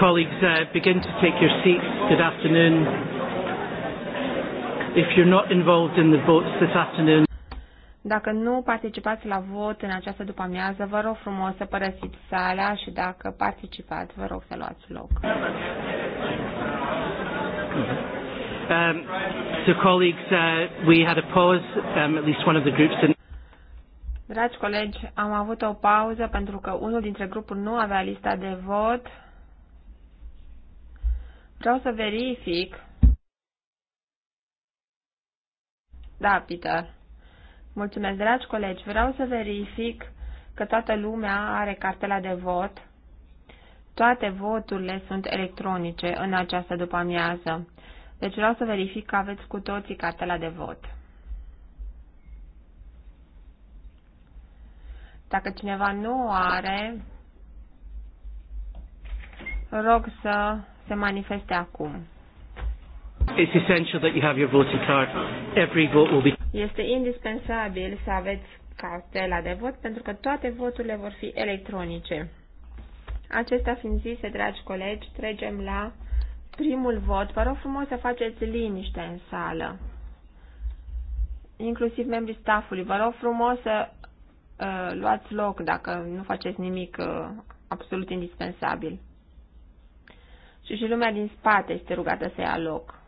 Colleagues, uh, begin to take your seats. Good afternoon. If you're not involved in the votes this afternoon. Dacă nu participați la vot în această după-amiază, vă rog frumos să părăsiți sala și dacă participați, vă rog să luați loc. Mm-hmm. Um, so colleagues, uh, we had a pause, um, at least one of the groups didn't. Dragi colegi, am avut o pauză pentru că unul dintre grupuri nu avea lista de vot. Vreau să verific. Da, Peter. Mulțumesc, dragi colegi. Vreau să verific că toată lumea are cartela de vot. Toate voturile sunt electronice în această după-amiază. Deci vreau să verific că aveți cu toții cartela de vot. Dacă cineva nu o are, rog să se manifeste acum. Este indispensabil să aveți cartela de vot pentru că toate voturile vor fi electronice. Acestea fiind zise, dragi colegi, trecem la primul vot. Vă rog frumos să faceți liniște în sală. Inclusiv membrii staffului. Vă rog frumos să uh, luați loc dacă nu faceți nimic uh, absolut indispensabil și lumea din spate este rugată să ia loc.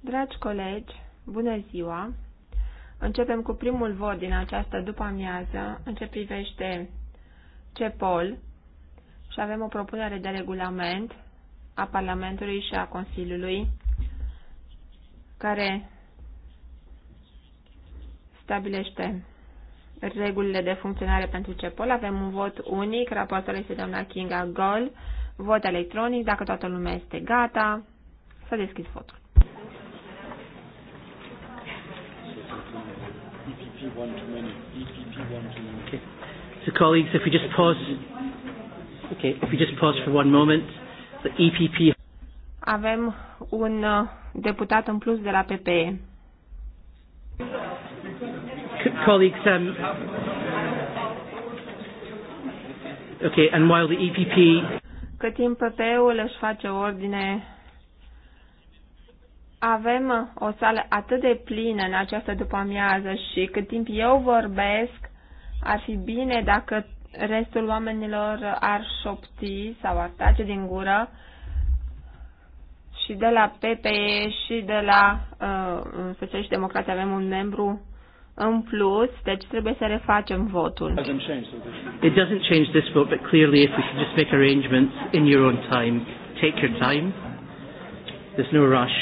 Dragi colegi, bună ziua! Începem cu primul vot din această după-amiază în ce privește CEPOL și avem o propunere de regulament a Parlamentului și a Consiliului care stabilește regulile de funcționare pentru CEPOL. Avem un vot unic, raportul este doamna Kinga Gol, vot electronic, dacă toată lumea este gata, să deschis votul. So colleagues, if we just pause, okay, if we just pause for one moment, the EPP. Avem un uh, deputat în plus de la PPE. Colleagues, um, okay, and while the EPP... Cât timp PP-ul își face ordine, avem o sală atât de plină în această după-amiază și cât timp eu vorbesc, ar fi bine dacă restul oamenilor ar șopti sau ar tace din gură și de la PPE și de la uh, Socialiști Democrați avem un membru în plus, deci trebuie să refacem votul. It doesn't change this vote, but clearly if we can just make arrangements in your own time, take your time. There's no rush.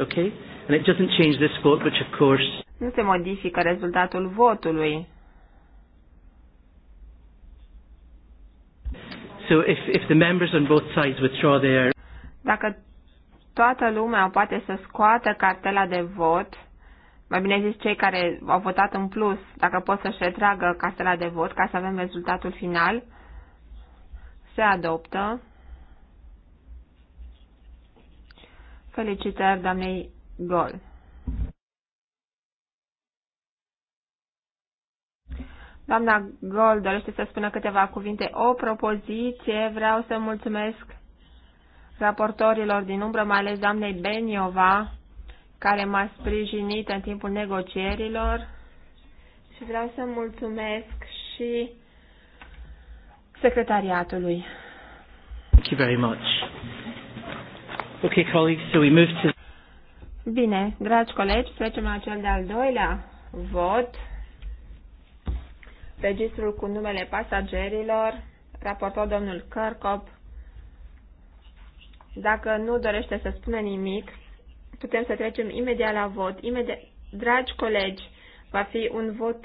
Okay? And it doesn't change this vote, which of course... Nu se modifică rezultatul votului. So if, if the members on both sides withdraw their... Dacă toată lumea poate să scoată cartela de vot, mai bine zis cei care au votat în plus, dacă pot să-și retragă castela de vot ca să avem rezultatul final, se adoptă. Felicitări doamnei Gol. Doamna Gol dorește să spună câteva cuvinte. O propoziție, vreau să mulțumesc raportorilor din umbră, mai ales doamnei Beniova, care m-a sprijinit în timpul negocierilor și vreau să mulțumesc și secretariatului. Thank you very much. Okay, colleagues, so we move to... Bine, dragi colegi, trecem la cel de-al doilea vot. Registrul cu numele pasagerilor, raportor domnul Cărcop. Dacă nu dorește să spună nimic, putem să trecem imediat la vot. Imediat, dragi colegi, va fi un vot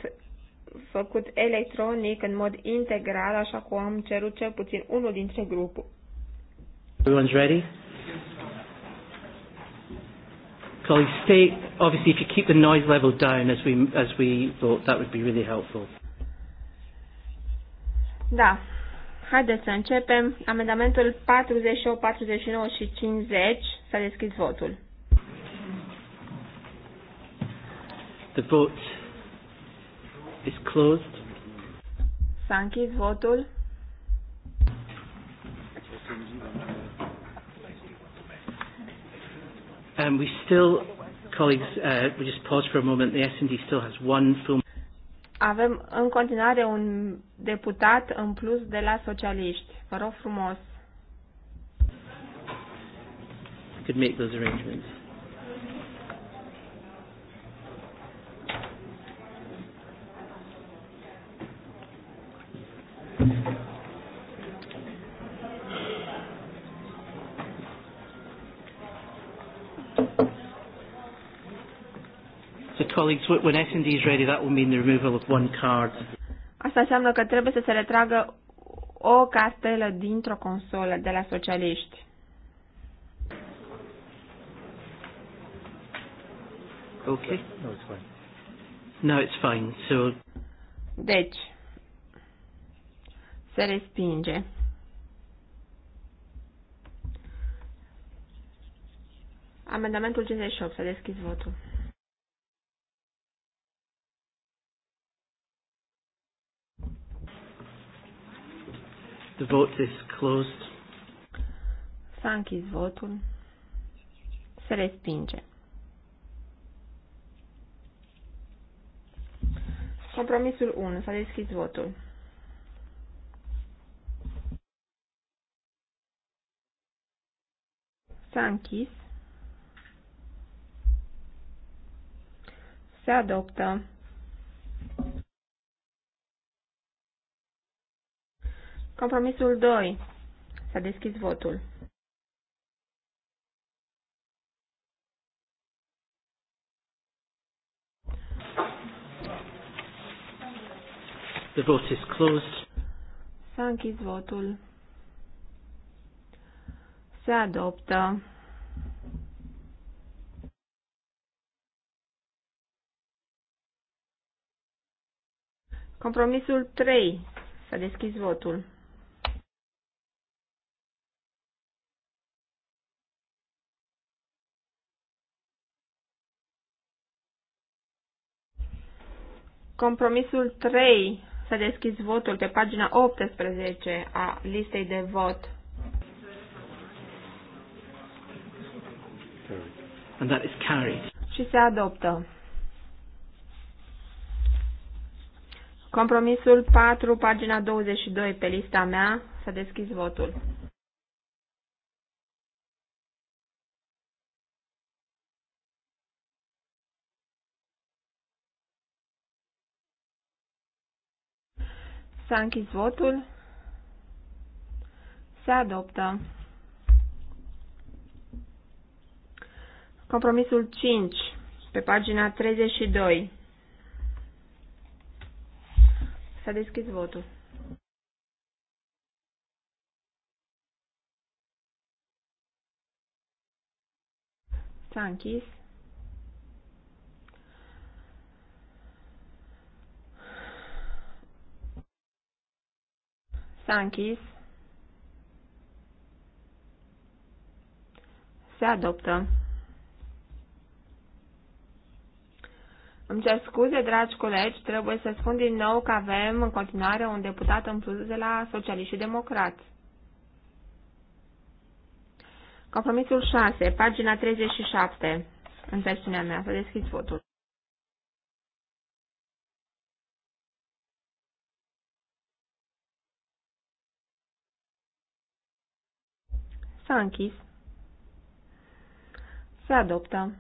făcut electronic în mod integral, așa cum am cerut cel puțin unul dintre grupul. Everyone's ready? Colleagues, stay. Obviously, if you keep the noise level down as we as we thought, that would be really helpful. Da. Haideți să începem. Amendamentul 48, 49 și 50. S-a deschis votul. The vote is closed. S-a închis votul. And um, we still, colleagues, uh, we just pause for a moment. The SND still has one full. Avem în continuare un deputat în plus de la socialiști. Vă rog frumos. Could make those arrangements. colleagues, when S&D is ready, that will mean the removal of one card. Asta înseamnă că trebuie să se retragă o cartelă dintr-o consolă de la socialiști. Okay. No, it's fine. No, it's fine. So... Deci, se respinge. Amendamentul 58. S-a deschis votul. The vote is closed. S-a închis votul. Se respinge. Compromisul 1. S-a deschis votul. S-a închis. Se adoptă. Compromisul 2. S-a deschis votul. The vote is closed. S-a închis votul. Se adoptă. Compromisul 3. S-a deschis votul. Compromisul 3. S-a deschis votul pe pagina 18 a listei de vot. and that is carried. Și se adoptă. Compromisul 4, pagina 22 pe lista mea, să deschis votul. S-a închis votul. Se adoptă. Compromisul 5, pe pagina 32. S-a deschis votul. S-a închis. S-a închis. Se adoptă. Îmi cer scuze, dragi colegi, trebuie să spun din nou că avem în continuare un deputat în plus de la Socialiști și Democrați. Compromisul 6, pagina 37, în versiunea mea, să deschid votul. S-a închis. Se adoptă.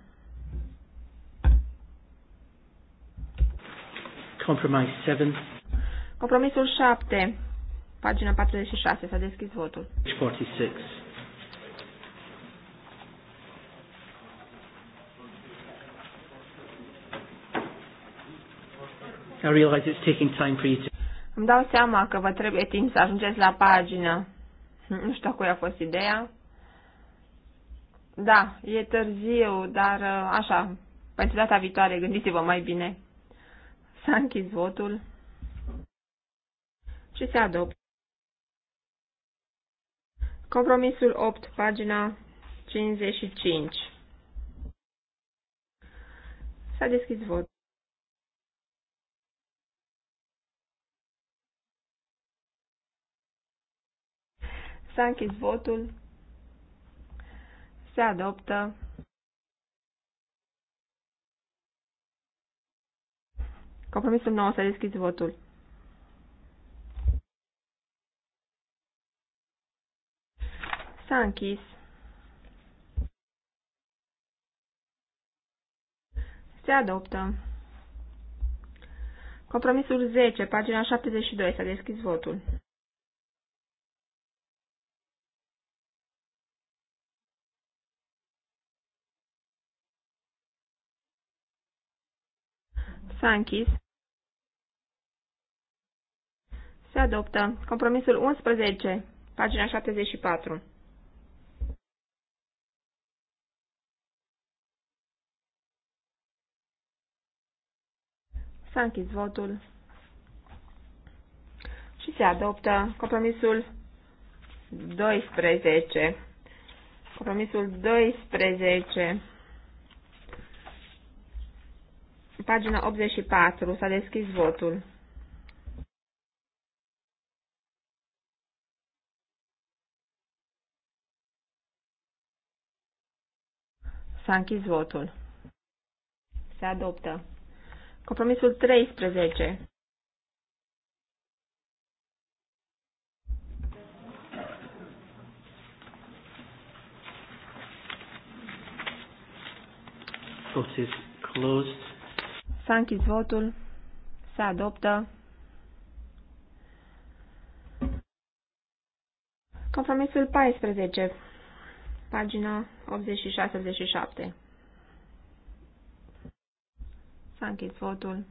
Compromise 7. Compromisul 7, pagina 46, s-a deschis votul. 46. I realize it's taking time for you to... Îmi dau seama că vă trebuie timp să ajungeți la pagină. Nu știu cui a fost ideea. Da, e târziu, dar uh, așa, pentru data viitoare gândiți-vă mai bine. S-a închis votul și se adoptă. Compromisul 8, pagina 55. S-a deschis vot. S-a închis votul. Se adoptă. Compromisul 9, să deschizi votul. S-a închis. Se adoptă. Compromisul 10, pagina 72, s-a deschis votul. S-a închis. Se adoptă compromisul 11, pagina 74. S-a închis votul și se adoptă compromisul 12. Compromisul 12 Pagina 84. S-a deschis votul. S-a închis votul. Se adoptă. Compromisul 13. Vote is closed. S-a închis votul. Se adoptă. Compromisul 14, pagina 86-87. S-a închis votul.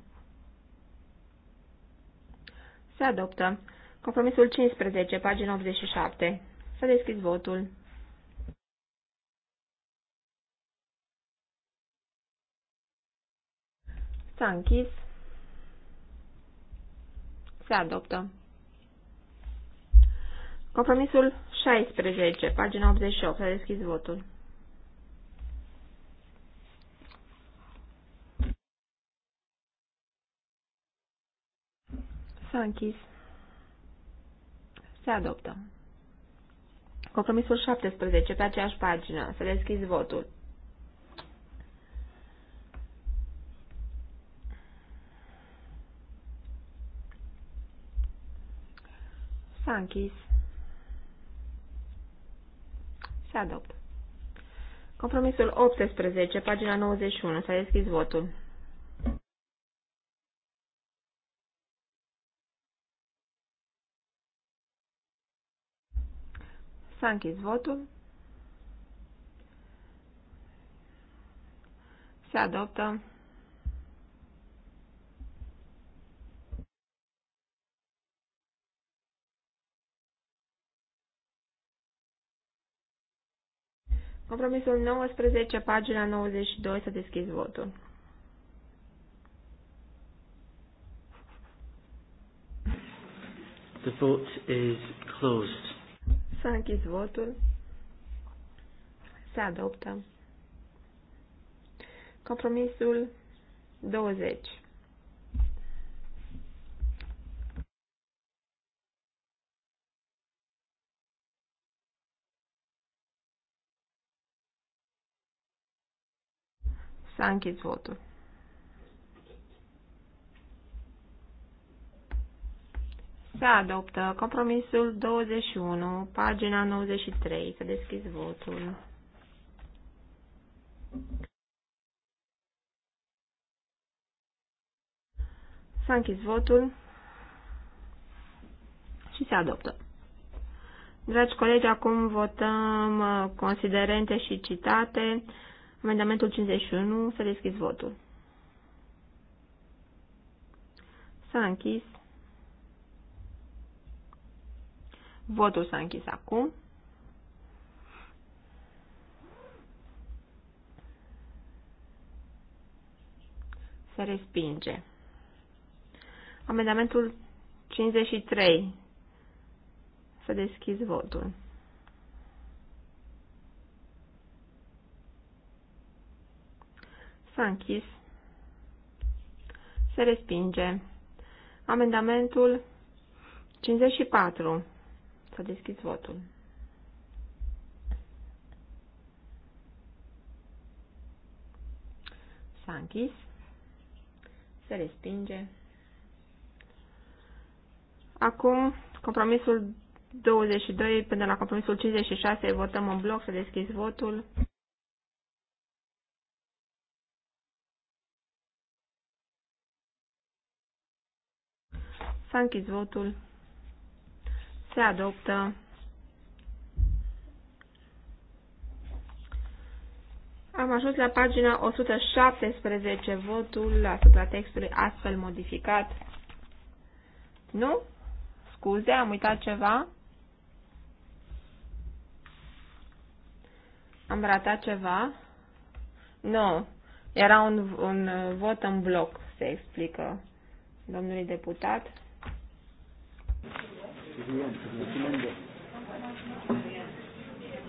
Se adoptă. Compromisul 15, pagina 87. S-a deschis votul. S-a închis. Se adoptă. Compromisul 16, pagina 88. S-a deschis votul. S-a închis. Se adoptă. Compromisul 17, pe aceeași pagină. s-a deschis votul. S-a închis. Se adoptă. Compromisul 18, pagina 91. S-a deschis votul. S-a închis votul. Se adoptă Compromisul 19, pagina 92, să deschizi votul. The vote is closed. S-a închis votul. Se adoptă. Compromisul 20. S-a închis votul. Se adoptă compromisul 21, pagina 93. Să deschis votul. S-a închis votul și se adoptă. Dragi colegi, acum votăm uh, considerente și citate. Amendamentul 51, să deschis votul. S-a închis. Votul s-a închis acum. Se respinge. Amendamentul 53. Să deschizi votul. S-a închis. Se respinge. Amendamentul 54. S-a deschis votul. S-a închis. Se respinge. Acum, compromisul 22 până la compromisul 56, votăm în bloc, să deschis votul. S-a închis votul. Se adoptă. Am ajuns la pagina 117, votul asupra textului astfel modificat. Nu? Scuze, am uitat ceva? Am ratat ceva? Nu. Era un, un vot în bloc, se explică domnului deputat.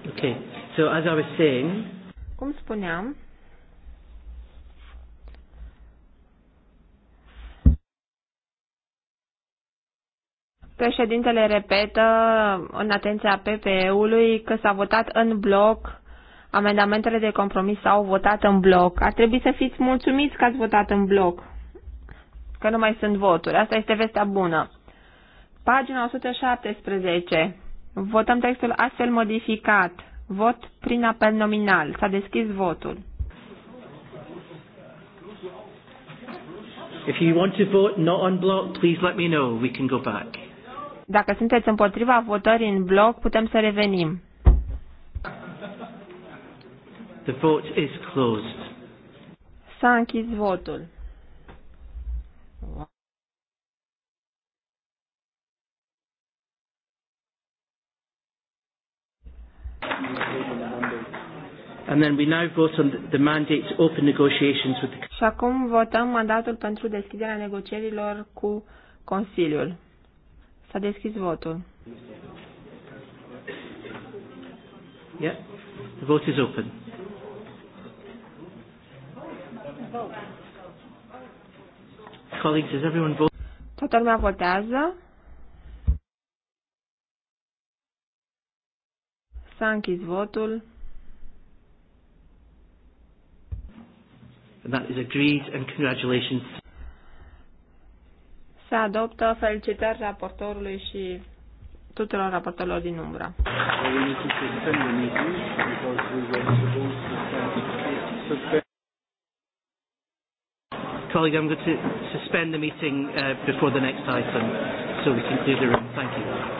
Okay. So as I was saying, cum spuneam, Președintele repetă în atenția PPE-ului că s-a votat în bloc, amendamentele de compromis s-au votat în bloc. Ar trebui să fiți mulțumiți că ați votat în bloc, că nu mai sunt voturi. Asta este vestea bună. Pagina 117. Votăm textul astfel modificat. Vot prin apel nominal. S-a deschis votul. If you want to vote not on block, please let me know. We can go back. Dacă sunteți împotriva votării în bloc, putem să revenim. The vote is closed. S-a închis votul. Și acum votăm mandatul pentru deschiderea negocierilor cu Consiliul. S-a deschis votul. Yeah. The vote is open. Colleagues, is everyone vote? Toată lumea votează. S-a închis votul. And that is agreed and congratulations. Se adoptă felicitări raportorului și tuturor raportorilor din umbră. Colleague, I'm going to suspend the meeting uh, before the next item so we can clear the room. Thank you.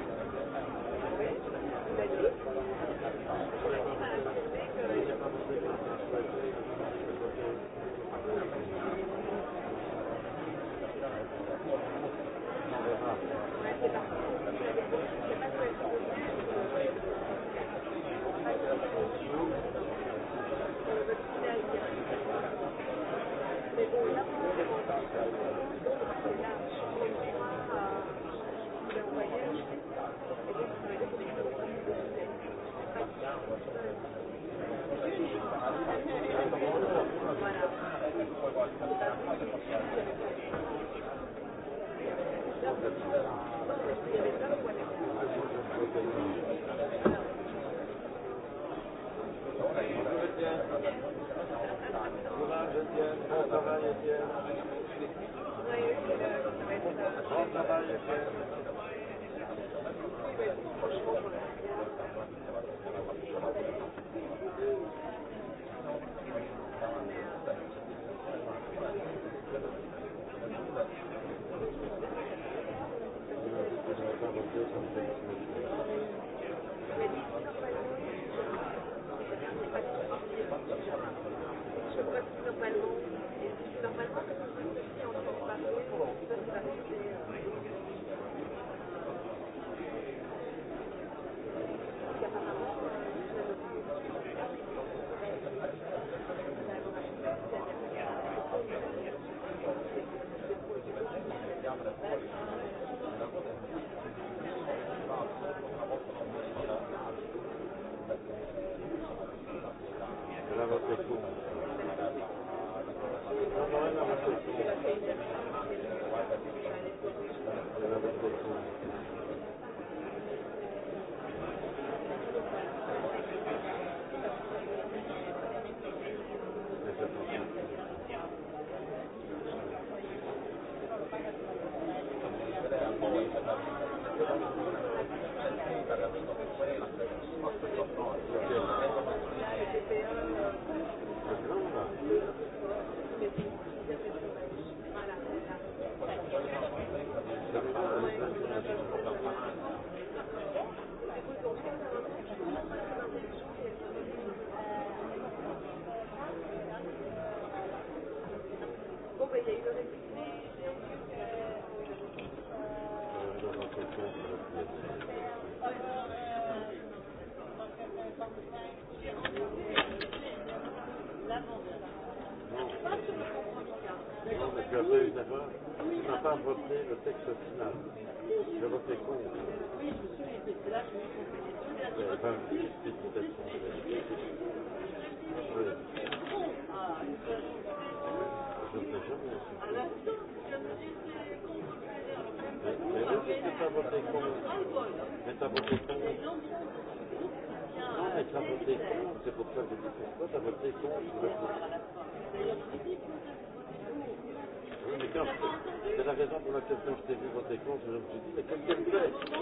voter d'abord, on n'a pas voté le texte final. Je votais contre. Je ne sais jamais. Mais non, tu as voté contre. Mais tu as voté contre. Non, mais tu as voté contre, c'est pour ça que je dis pourquoi tu as voté contre mais c'est la raison pour laquelle quand je t'ai vu voter contre, je me suis dit, mais qu'est-ce qu'elle fait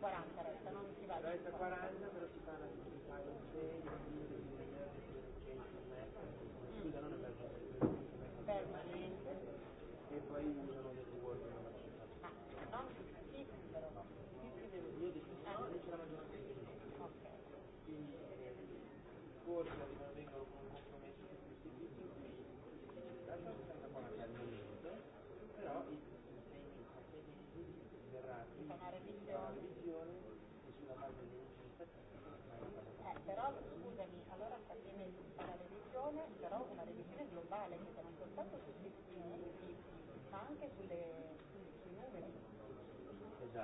40 resta, non si va. 40, però si parla di un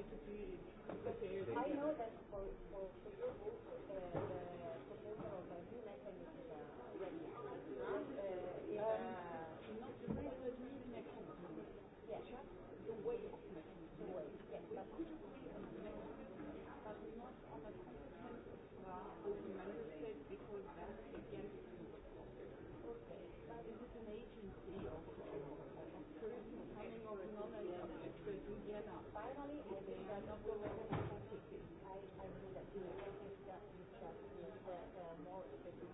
I know that for, for, for your book, the, the proposal of a new mechanism is uh, ready. Uh, is, um, uh, not the regular mechanism. yeah, Just the way of mechanism. The way, yes. But could you finally, I think that not go over the I, I mean that you know, I think that, that uh, more effective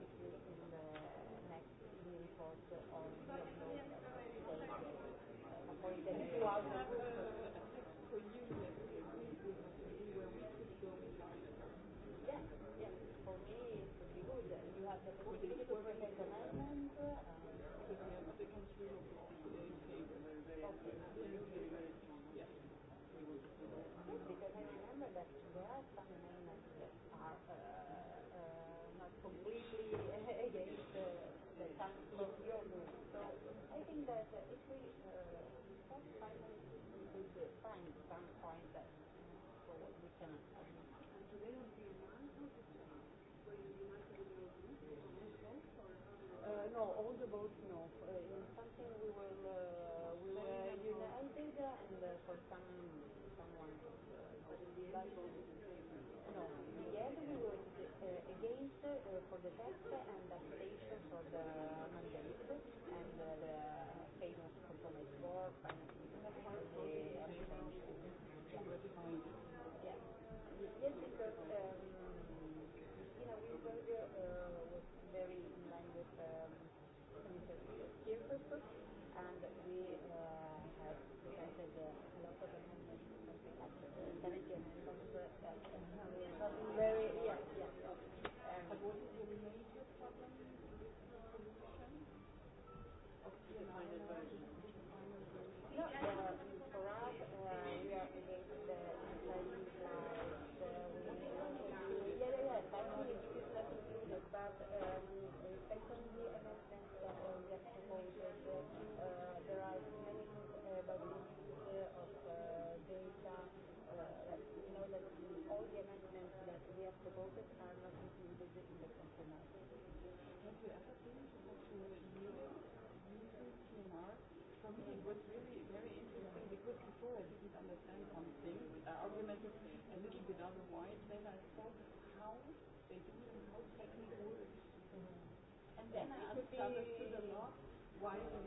the best fit and otherwise, then I thought how they do in how technical words. Mm -hmm. And then I understood a lot why the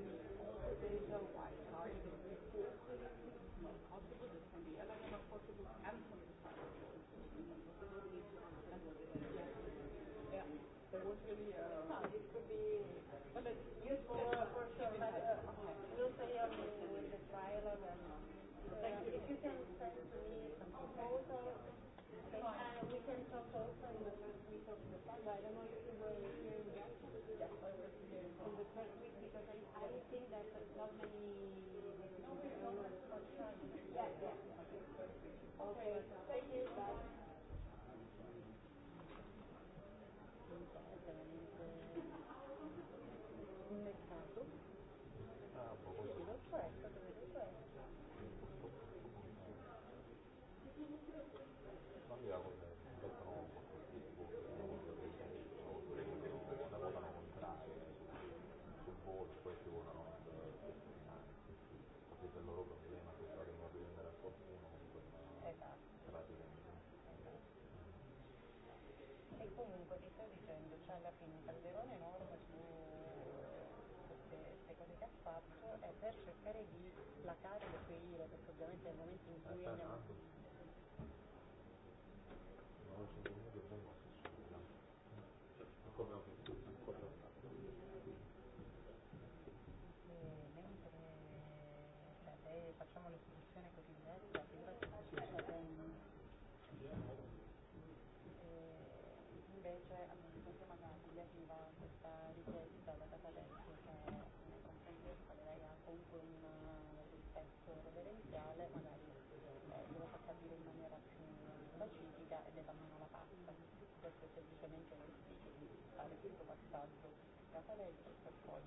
care protocol,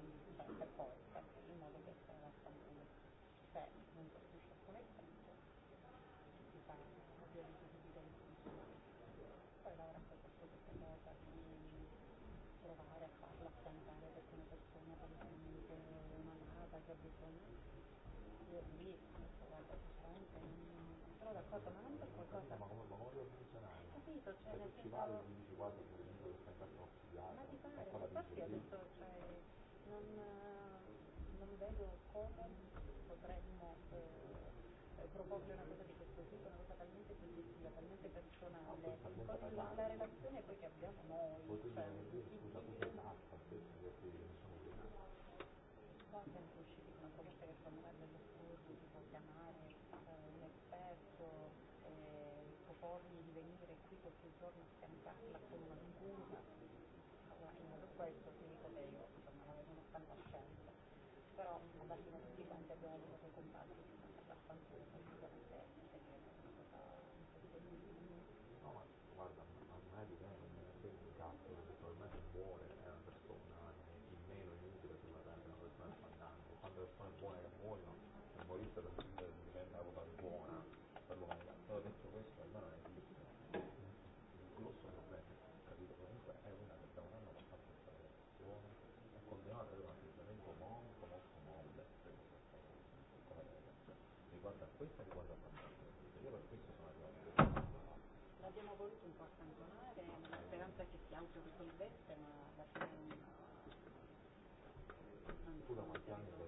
pe post, în mod adică de la Stanbul, pe un și pune pentru ca obiectul de vidență. Păi la ora asta se poate să mă dar provare a farla affrontare perché una persona probabilmente malata che ha bisogno di rischio, guarda, sono d'accordo, ma non per qualcosa. Ma come, ma come lo Capito, cioè nel senso... Ci vado, mi Ma ti pare, infatti ho detto copre una cosa di questo tipo, una cosa talmente soggettiva, talmente personale, la, la relazione poi che abbiamo noi, cioè, Qua siamo riusciti con una proposta che secondo me è bello assurdo, tipo chiamare eh, un esperto, eh, proporgli di venire qui qualche giorno anche questo investe, ma alla fine non... Pure mangiando.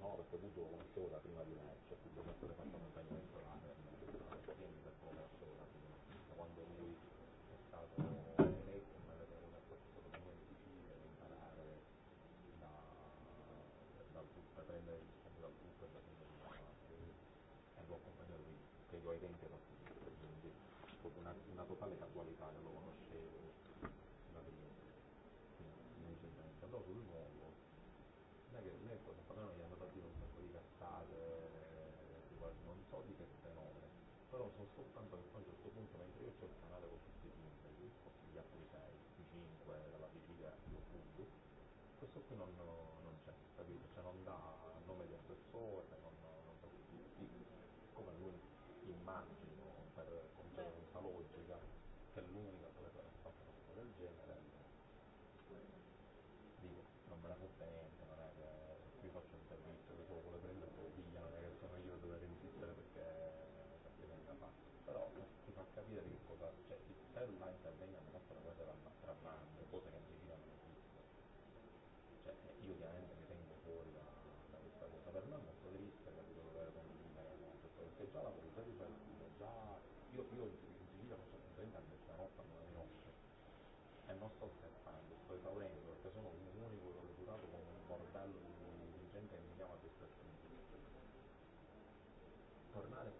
morte, Budova, non solo la prima di marcia, quindi non solo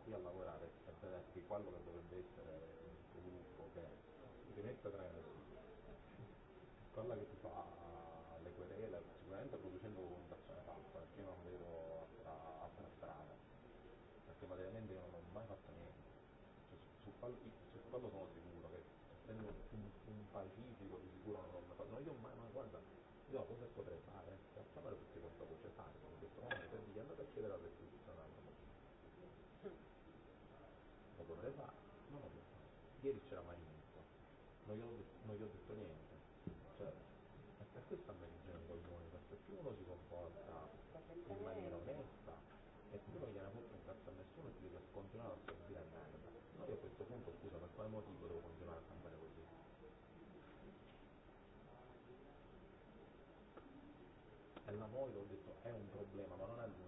qui a lavorare per sapere che quando dovrebbe essere gruppo comunque premessa tra noi l'ho detto è un problema, ma non aggiungo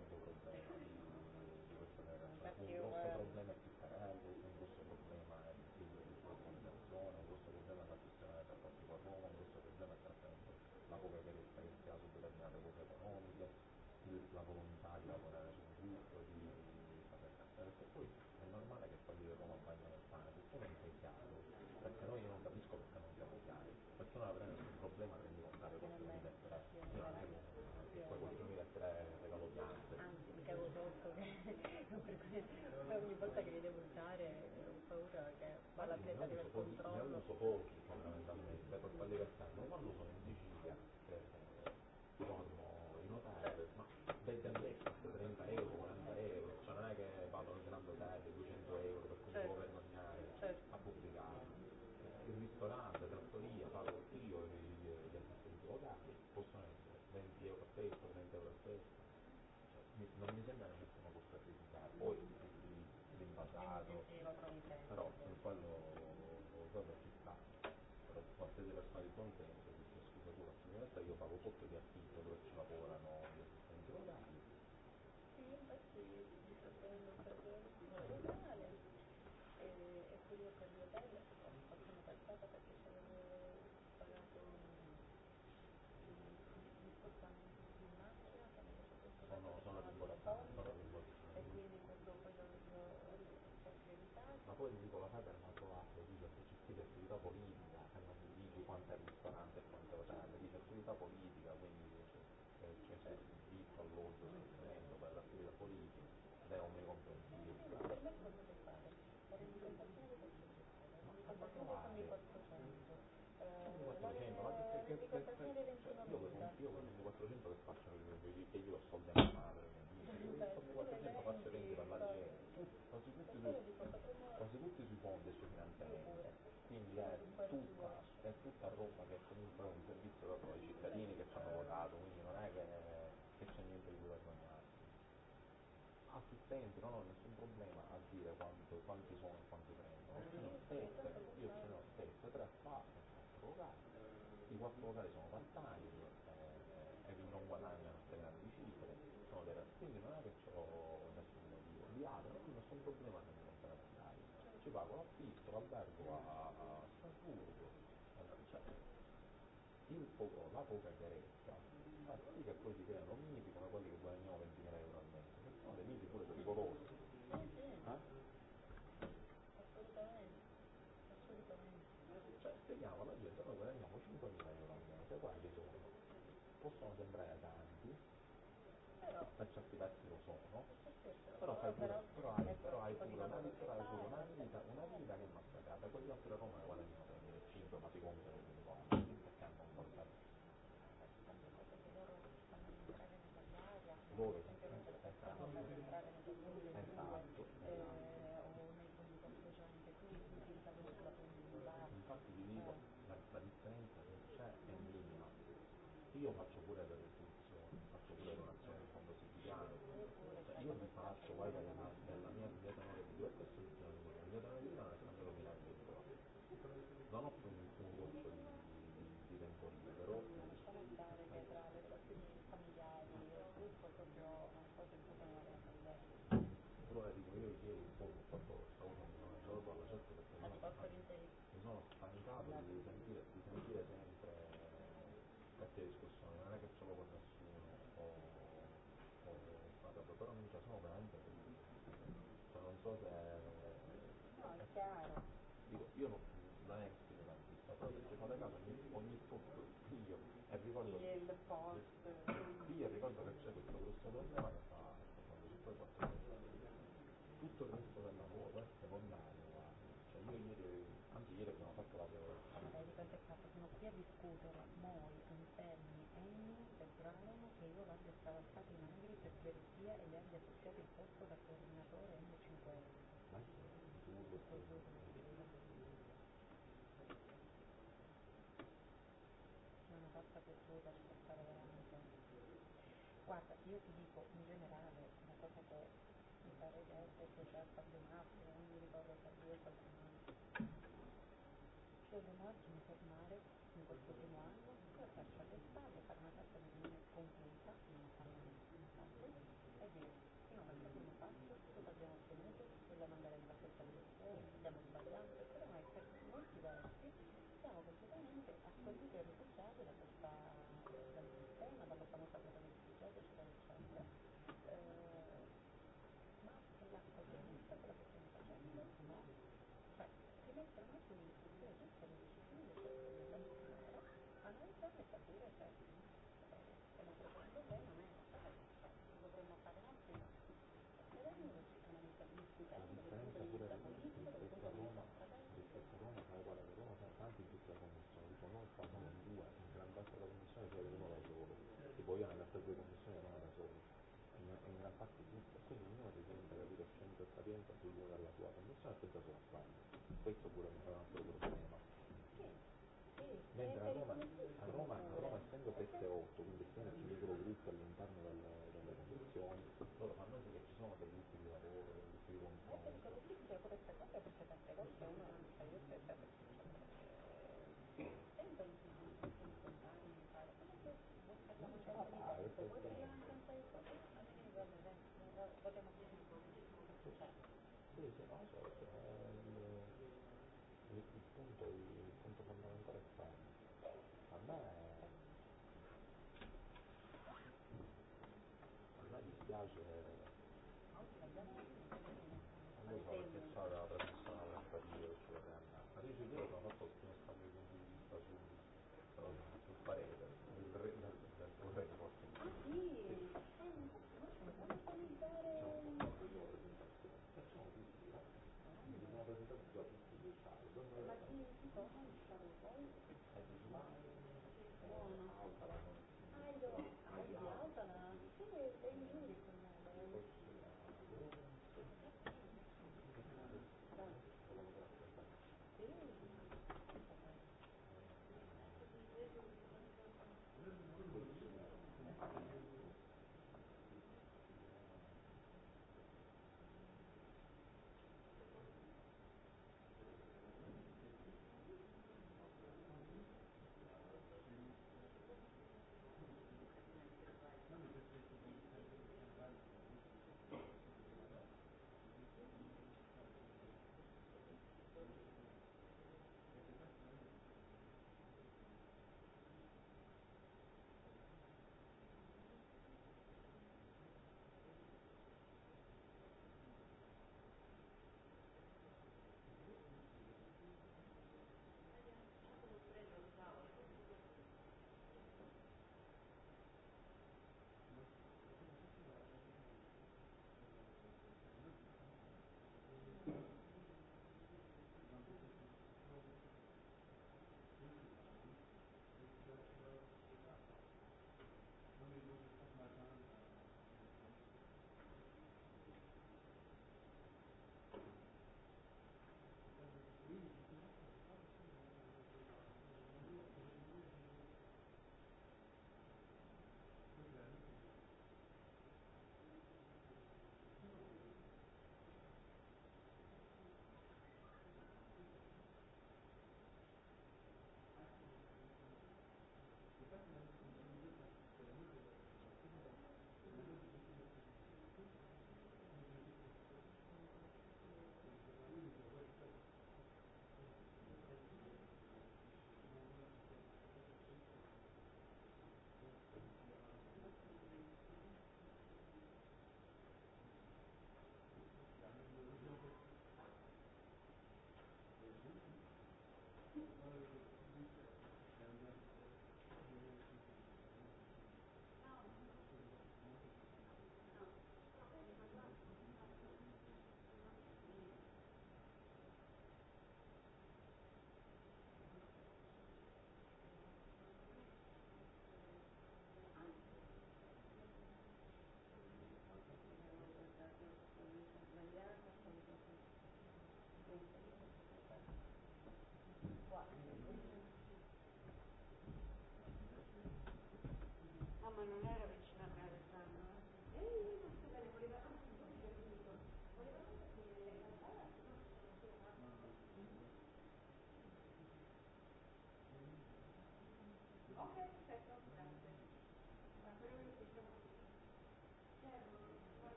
dopo avevo fatto di articolo e io sto bene male. Sto faccio vendere alla gente. Quasi tutti, quasi tutti sui fondi e sui finanziamenti. Quindi è tutta, è tutta Roma che è comunque un servizio da poi ai cittadini che ci hanno votato, quindi non è che, che c'è niente di cui vergognarsi. Assistenti non ho nessun problema a dire quanto, quanti sono e quanti prendono. Ce ne ho sette, io ce ne ho sette, tre a quattro, quattro locali. I quattro locali sono poca chiarezza, ma quelli che poi si creano miti come quelli che guadagnano 20.000 euro al mese, che sono dei miti pure pericolosi. Eh? Assolutamente, assolutamente. Cioè spieghiamo alla gente, noi guadagniamo 5.000 euro al mese, quanti sono? Possono sembrare tanti, per certi versi lo sono, però, fai pure, però hai, però hai pure, però hai nostra cultura ci può fare veramente. Guarda, io ti dico in generale una cosa che mi pare di essere già stato mafia, non mi ricordo per due o per tre anni. Sono morti in formare in questo primo anno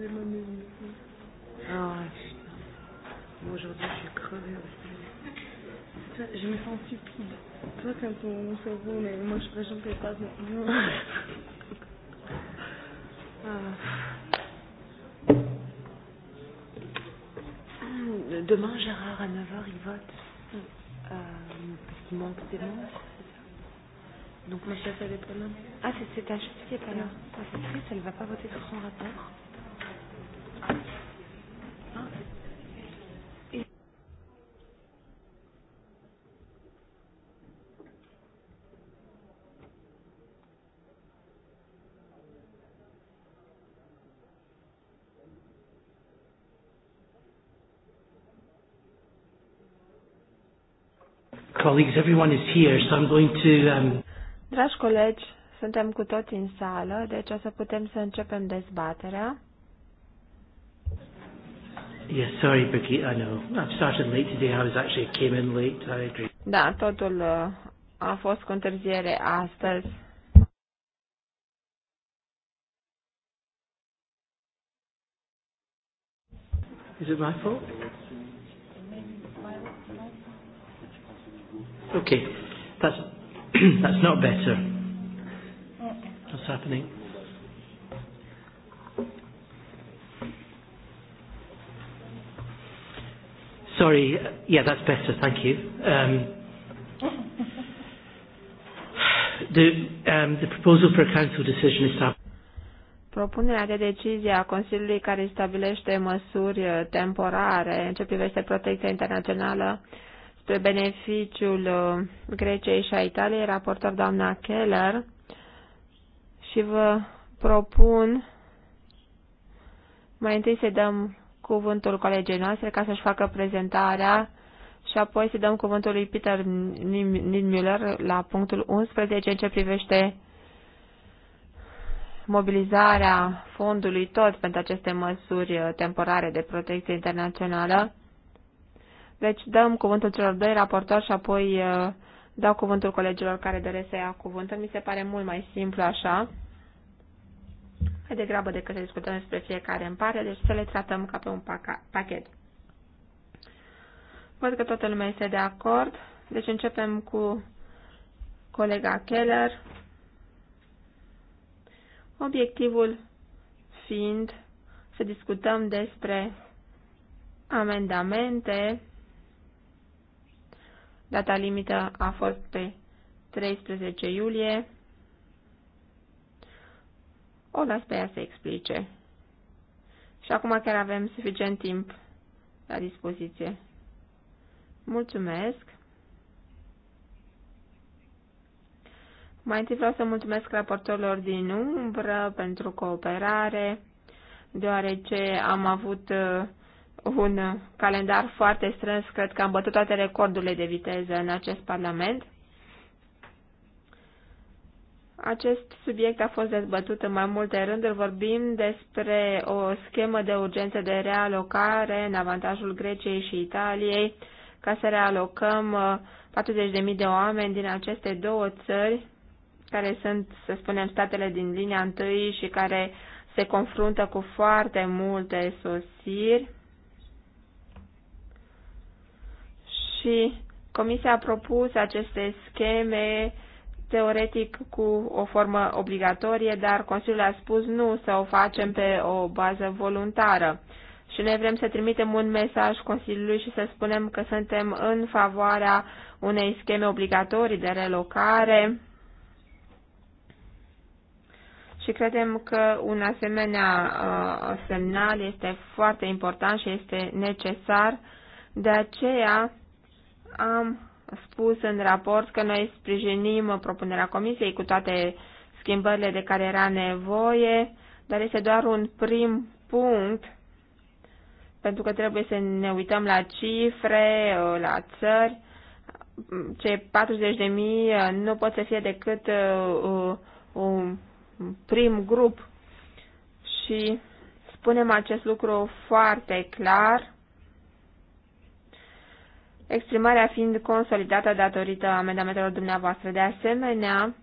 de Ah Moi aujourd'hui je suis crevée aussi. je me sens stupide. Toi quand ton cerveau, mais moi je j'en fais pas. ah. Demain Gérard à 9h il vote. Euh, parce qu'il manque des membres. Donc ma chef, elle est pas là. Ah, c'est, c'est ta chef qui est pas là. Ah, c'est triste, elle va pas voter sur son rapport. colleagues, everyone is here, so I'm going to... Um... Dragi colegi, suntem cu toți în sală, deci o să putem să începem dezbaterea. Yes, sorry, Brigitte, I know. I've started late today. I was actually came in late. I agree. Da, totul uh, a fost cu întârziere astăzi. Is it my fault? Okay. That's, that's not better. What's happening? Sorry. Yeah, that's better. Thank you. Um, the, um, the proposal for a council decision is Propunerea de decizie a Consiliului care stabilește măsuri uh, temporare în ce privește protecția internațională uh, spre beneficiul uh, Greciei și a Italiei, raportor doamna Keller, și vă propun mai întâi să dăm cuvântul colegii noastre ca să-și facă prezentarea și apoi să dăm cuvântul lui Peter Nidmüller la punctul 11 în ce privește mobilizarea fondului tot pentru aceste măsuri uh, temporare de protecție internațională deci dăm cuvântul celor doi raportori și apoi uh, dau cuvântul colegilor care doresc să ia cuvântul. Mi se pare mult mai simplu așa. Mai degrabă decât să discutăm despre fiecare în parte, deci să le tratăm ca pe un pachet. Văd că toată lumea este de acord. Deci începem cu colega Keller. Obiectivul fiind să discutăm despre amendamente Data limită a fost pe 13 iulie. O las pe ea să explice. Și acum chiar avem suficient timp la dispoziție. Mulțumesc! Mai întâi vreau să mulțumesc raportorilor din umbră pentru cooperare, deoarece am avut uh, un uh, calendar foarte strâns. Cred că am bătut toate recordurile de viteză în acest Parlament. Acest subiect a fost dezbătut în mai multe rânduri. Vorbim despre o schemă de urgență de realocare în avantajul Greciei și Italiei ca să realocăm 40.000 uh, de oameni din aceste două țări care sunt, să spunem, statele din linia întâi și care se confruntă cu foarte multe sosiri. și Comisia a propus aceste scheme teoretic cu o formă obligatorie, dar Consiliul a spus nu să o facem pe o bază voluntară. Și noi vrem să trimitem un mesaj Consiliului și să spunem că suntem în favoarea unei scheme obligatorii de relocare și credem că un asemenea uh, semnal este foarte important și este necesar. De aceea, am spus în raport că noi sprijinim propunerea comisiei cu toate schimbările de care era nevoie, dar este doar un prim punct pentru că trebuie să ne uităm la cifre, la țări. Cei 40.000 nu pot să fie decât uh, un prim grup și spunem acest lucru foarte clar exprimarea fiind consolidată datorită amendamentelor dumneavoastră. De asemenea,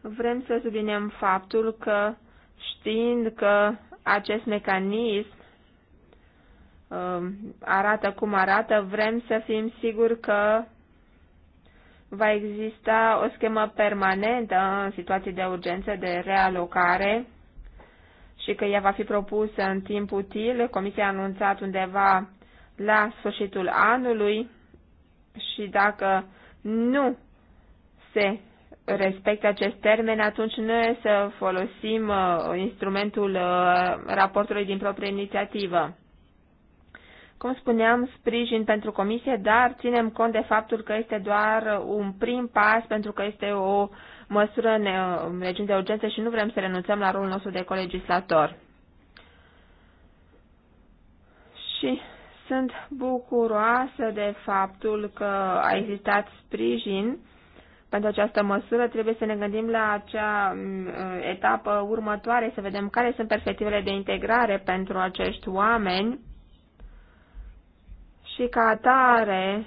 vrem să subliniem faptul că știind că acest mecanism um, arată cum arată, vrem să fim siguri că va exista o schemă permanentă în situații de urgență de realocare și că ea va fi propusă în timp util. Comisia a anunțat undeva la sfârșitul anului și dacă nu se respectă acest termen, atunci noi să folosim uh, instrumentul uh, raportului din proprie inițiativă. Cum spuneam, sprijin pentru comisie, dar ținem cont de faptul că este doar un prim pas, pentru că este o măsură în, uh, regim de urgență și nu vrem să renunțăm la rolul nostru de colegislator. Și sunt bucuroasă de faptul că a existat sprijin pentru această măsură. Trebuie să ne gândim la acea mm, uh, etapă următoare, să vedem care sunt perspectivele de integrare pentru acești oameni și ca atare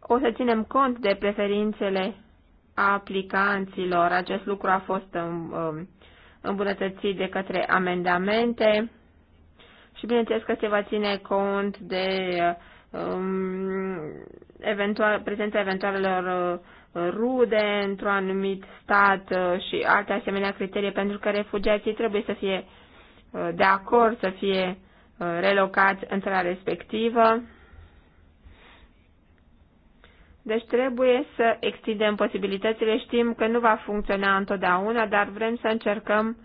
o să ținem cont de preferințele aplicanților. Acest lucru a fost um, um, îmbunătățit de către amendamente și bineînțeles că se va ține cont de um, eventual, prezența eventualelor uh, rude într-un anumit stat uh, și alte asemenea criterii, pentru că refugiații trebuie să fie uh, de acord să fie relocați într țara respectivă. Deci trebuie să extindem posibilitățile. Știm că nu va funcționa întotdeauna, dar vrem să încercăm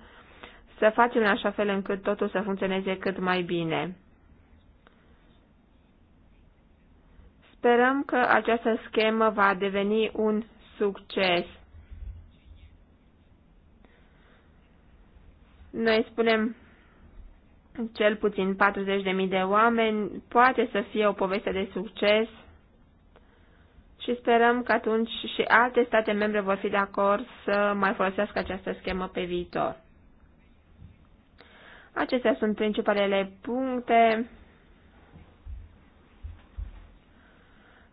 să facem în așa fel încât totul să funcționeze cât mai bine. Sperăm că această schemă va deveni un succes. Noi spunem cel puțin 40.000 de oameni, poate să fie o poveste de succes și sperăm că atunci și alte state membre vor fi de acord să mai folosească această schemă pe viitor. Acestea sunt principalele puncte.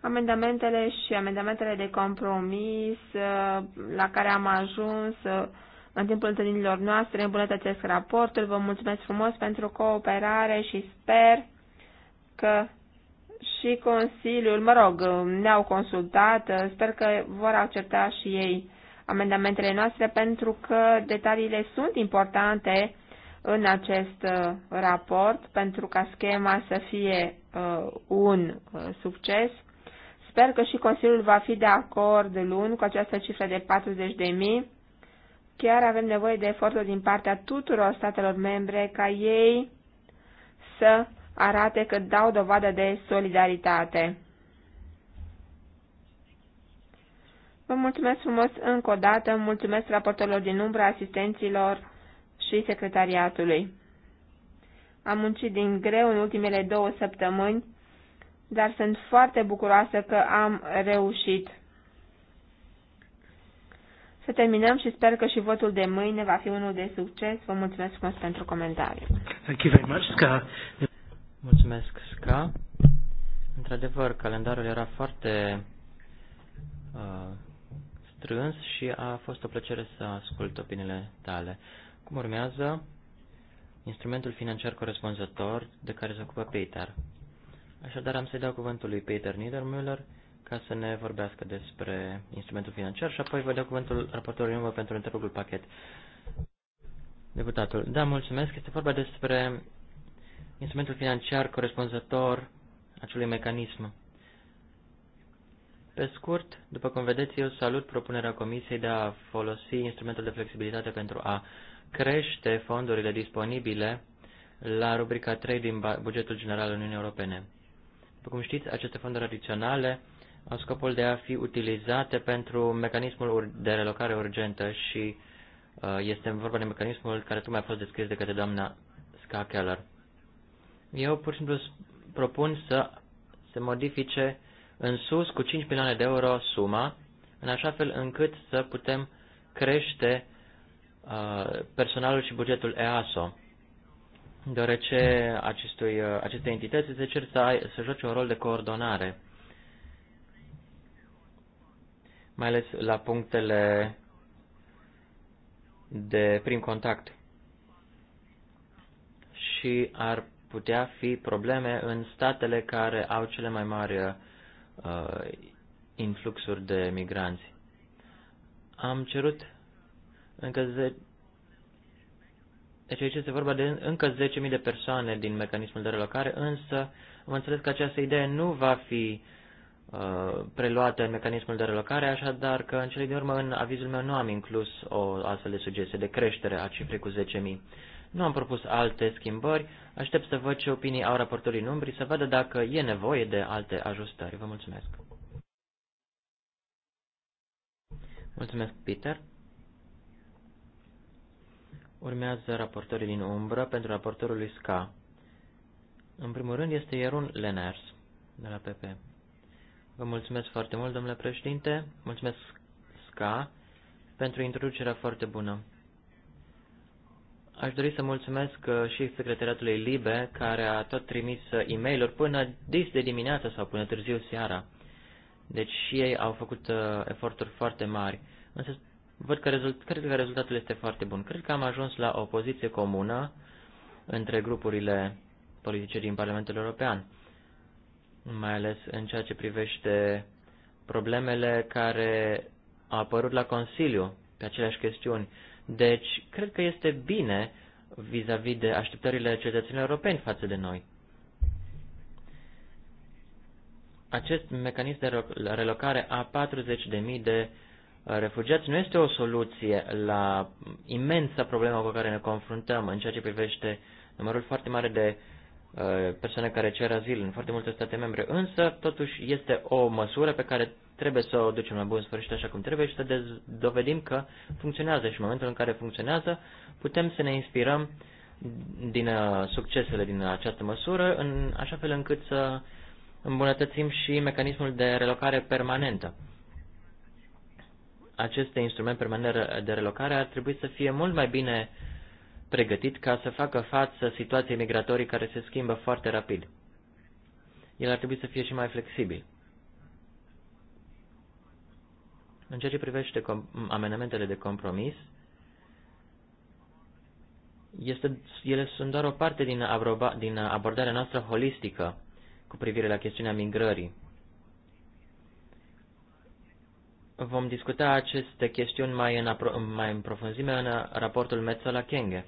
Amendamentele și amendamentele de compromis uh, la care am ajuns uh, în timpul întâlnirilor noastre îmbunătățesc raportul. Vă mulțumesc frumos pentru cooperare și sper că și Consiliul, mă rog, ne-au consultat, uh, sper că vor accepta și ei amendamentele noastre pentru că detaliile sunt importante în acest uh, raport pentru ca schema să fie uh, un uh, succes. Sper că și Consiliul va fi de acord luni cu această cifră de 40.000. Chiar avem nevoie de eforturi din partea tuturor statelor membre ca ei să arate că dau dovadă de solidaritate. Vă mulțumesc frumos încă o dată, mulțumesc raportorilor din umbră, asistenților și secretariatului. Am muncit din greu în ultimele două săptămâni, dar sunt foarte bucuroasă că am reușit. Să terminăm și sper că și votul de mâine va fi unul de succes. Vă mulțumesc mult pentru comentarii. Thank you very much, Ska. Mulțumesc, Ska. Într-adevăr, calendarul era foarte uh, strâns și a fost o plăcere să ascult opiniile tale. Cum urmează, instrumentul financiar corespunzător de care se ocupă Peter. Așadar, am să-i dau cuvântul lui Peter Niedermüller ca să ne vorbească despre instrumentul financiar și apoi vă dau cuvântul raportorului număr pentru întregul pachet. Deputatul, da, mulțumesc. Este vorba despre instrumentul financiar corespunzător acelui mecanism. Pe scurt, după cum vedeți, eu salut propunerea Comisiei de a folosi instrumentul de flexibilitate pentru a crește fondurile disponibile la rubrica 3 din bugetul general al Uniunii Europene. După cum știți, aceste fonduri adiționale au scopul de a fi utilizate pentru mecanismul de relocare urgentă și uh, este vorba de mecanismul care tocmai a fost descris de către doamna Ska Keller. Eu pur și simplu propun să se modifice în sus cu 5 milioane de euro suma, în așa fel încât să putem crește Uh, personalul și bugetul EASO, deoarece acestui, uh, aceste entități se cer să, ai, să joace un rol de coordonare, mai ales la punctele de prim contact și ar putea fi probleme în statele care au cele mai mari uh, influxuri de migranți. Am cerut încă ze... Deci aici este vorba de încă 10.000 de persoane din mecanismul de relocare, însă am înțeles că această idee nu va fi uh, preluată în mecanismul de relocare, așadar că în cele din urmă în avizul meu nu am inclus o astfel de sugestie de creștere a cifrei cu 10.000. Nu am propus alte schimbări, aștept să văd ce opinii au raportorii în umbri, să vadă dacă e nevoie de alte ajustări. Vă mulțumesc! Mulțumesc, Peter! Urmează raportorii din umbră pentru raportorul lui SCA. În primul rând este Ierun Leners, de la PP. Vă mulțumesc foarte mult, domnule președinte, mulțumesc SCA pentru introducerea foarte bună. Aș dori să mulțumesc uh, și secretariatului Libe, care a tot trimis uh, e mail până dis de dimineață sau până târziu seara. Deci și ei au făcut uh, eforturi foarte mari. Însă Văd că rezult, cred că rezultatul este foarte bun. Cred că am ajuns la o poziție comună între grupurile politice din Parlamentul European, mai ales în ceea ce privește problemele care au apărut la Consiliu pe aceleași chestiuni. Deci, cred că este bine vis-a-vis -vis de așteptările cetățenilor europeni față de noi. Acest mecanism de relocare a 40.000 de refugiați nu este o soluție la imensa problemă cu care ne confruntăm în ceea ce privește numărul foarte mare de uh, persoane care cer azil în foarte multe state membre, însă totuși este o măsură pe care trebuie să o ducem la bun sfârșit așa cum trebuie și să dovedim că funcționează și în momentul în care funcționează putem să ne inspirăm din uh, succesele din această măsură în așa fel încât să îmbunătățim și mecanismul de relocare permanentă aceste instrument permanent de relocare ar trebui să fie mult mai bine pregătit ca să facă față situației migratorii care se schimbă foarte rapid. El ar trebui să fie și mai flexibil. În ceea ce privește amenamentele de compromis, este, ele sunt doar o parte din, abroba, din abordarea noastră holistică cu privire la chestiunea migrării. Vom discuta aceste chestiuni mai în, apro- mai în profunzime în uh, raportul Metzola-Kenge.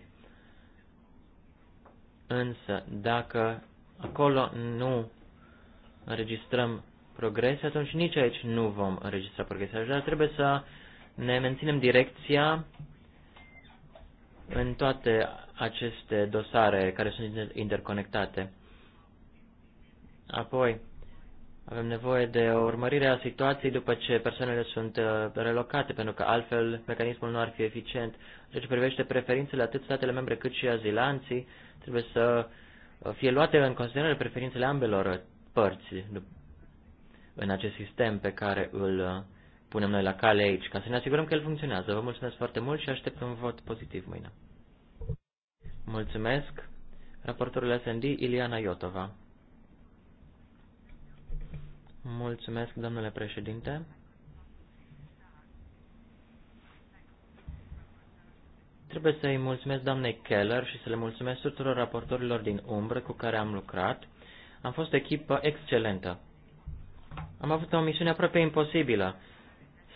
Însă, dacă acolo nu înregistrăm progrese, atunci nici aici nu vom înregistra progrese. Așadar, trebuie să ne menținem direcția în toate aceste dosare care sunt interconectate. Apoi, avem nevoie de o urmărire a situației după ce persoanele sunt uh, relocate, pentru că altfel mecanismul nu ar fi eficient. Deci, ce privește preferințele, atât statele membre cât și azilanții, trebuie să uh, fie luate în considerare preferințele ambelor părți în acest sistem pe care îl uh, punem noi la cale aici, ca să ne asigurăm că el funcționează. Vă mulțumesc foarte mult și aștept un vot pozitiv mâine. Mulțumesc. Raportorul SND, Iliana Iotova. Mulțumesc, domnule președinte. Trebuie să-i mulțumesc doamnei Keller și să le mulțumesc tuturor raportorilor din umbră cu care am lucrat. Am fost o echipă excelentă. Am avut o misiune aproape imposibilă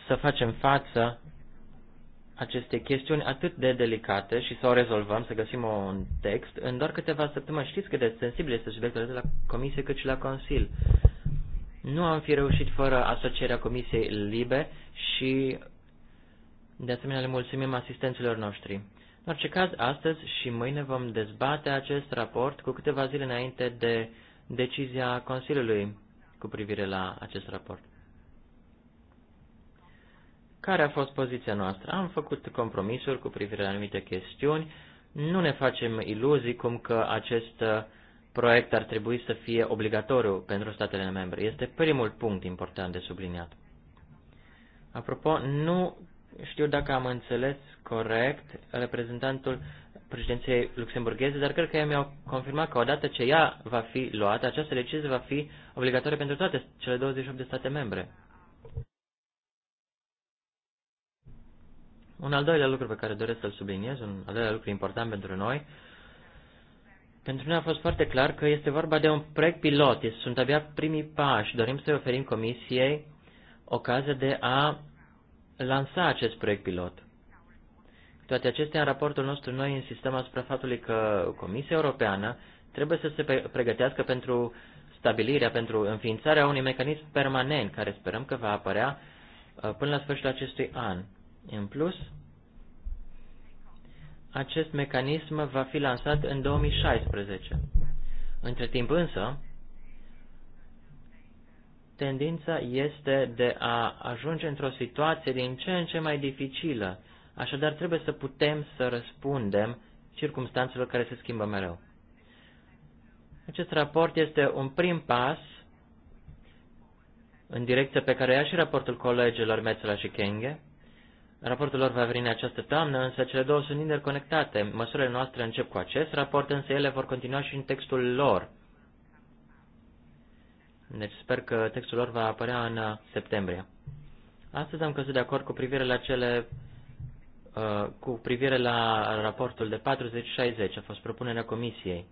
să facem față aceste chestiuni atât de delicate și să o rezolvăm, să găsim un text, în doar câteva săptămâni. Știți cât de sensibil este subiectul de la Comisie cât și la Consiliu. Nu am fi reușit fără asocierea Comisiei Libe și, de asemenea, le mulțumim asistenților noștri. În orice caz, astăzi și mâine vom dezbate acest raport cu câteva zile înainte de decizia Consiliului cu privire la acest raport. Care a fost poziția noastră? Am făcut compromisuri cu privire la anumite chestiuni. Nu ne facem iluzii cum că acest proiect ar trebui să fie obligatoriu pentru statele membre. Este primul punct important de subliniat. Apropo, nu știu dacă am înțeles corect reprezentantul președinției luxemburgheze, dar cred că ea mi-a confirmat că odată ce ea va fi luată, această decizie va fi obligatorie pentru toate cele 28 de state membre. Un al doilea lucru pe care doresc să-l subliniez, un al doilea lucru important pentru noi, pentru noi a fost foarte clar că este vorba de un proiect pilot, sunt abia primii pași. Dorim să-i oferim comisiei ocazia de a lansa acest proiect pilot. Toate acestea, în raportul nostru, noi insistăm asupra faptului că Comisia Europeană trebuie să se pregătească pentru stabilirea, pentru înființarea unui mecanism permanent, care sperăm că va apărea uh, până la sfârșitul acestui an. În plus, acest mecanism va fi lansat în 2016. Între timp însă, tendința este de a ajunge într-o situație din ce în ce mai dificilă, așadar trebuie să putem să răspundem circumstanțelor care se schimbă mereu. Acest raport este un prim pas în direcția pe care ia și raportul colegilor Metzela și Kenge, Raportul lor va veni această toamnă, însă cele două sunt interconectate. Măsurile noastre încep cu acest raport, însă ele vor continua și în textul lor. Deci sper că textul lor va apărea în uh, septembrie. Astăzi am căzut de acord cu privire la cele uh, cu privire la raportul de 40-60, a fost propunerea comisiei.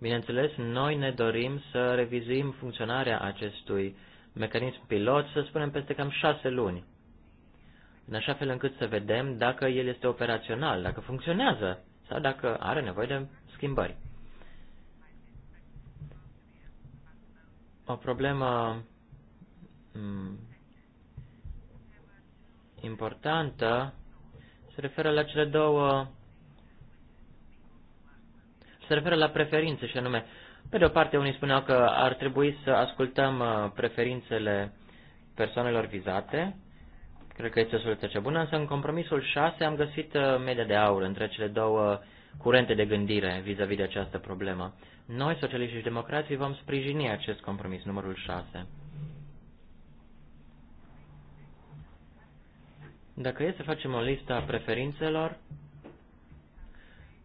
Bineînțeles, noi ne dorim să revizuim funcționarea acestui uh, mecanism pilot, să spunem, peste cam șase luni, în așa fel încât să vedem dacă el este operațional, dacă funcționează sau dacă are nevoie de schimbări. O problemă mm, importantă se referă la cele două se referă la preferințe și anume pe de o parte, unii spuneau că ar trebui să ascultăm uh, preferințele persoanelor vizate, cred că este o soluție cea bună, însă în compromisul 6 am găsit uh, media de aur între cele două curente de gândire vis-a-vis -vis de această problemă. Noi, socialiști și democrații, vom sprijini acest compromis, numărul 6. Dacă e să facem o listă a preferințelor,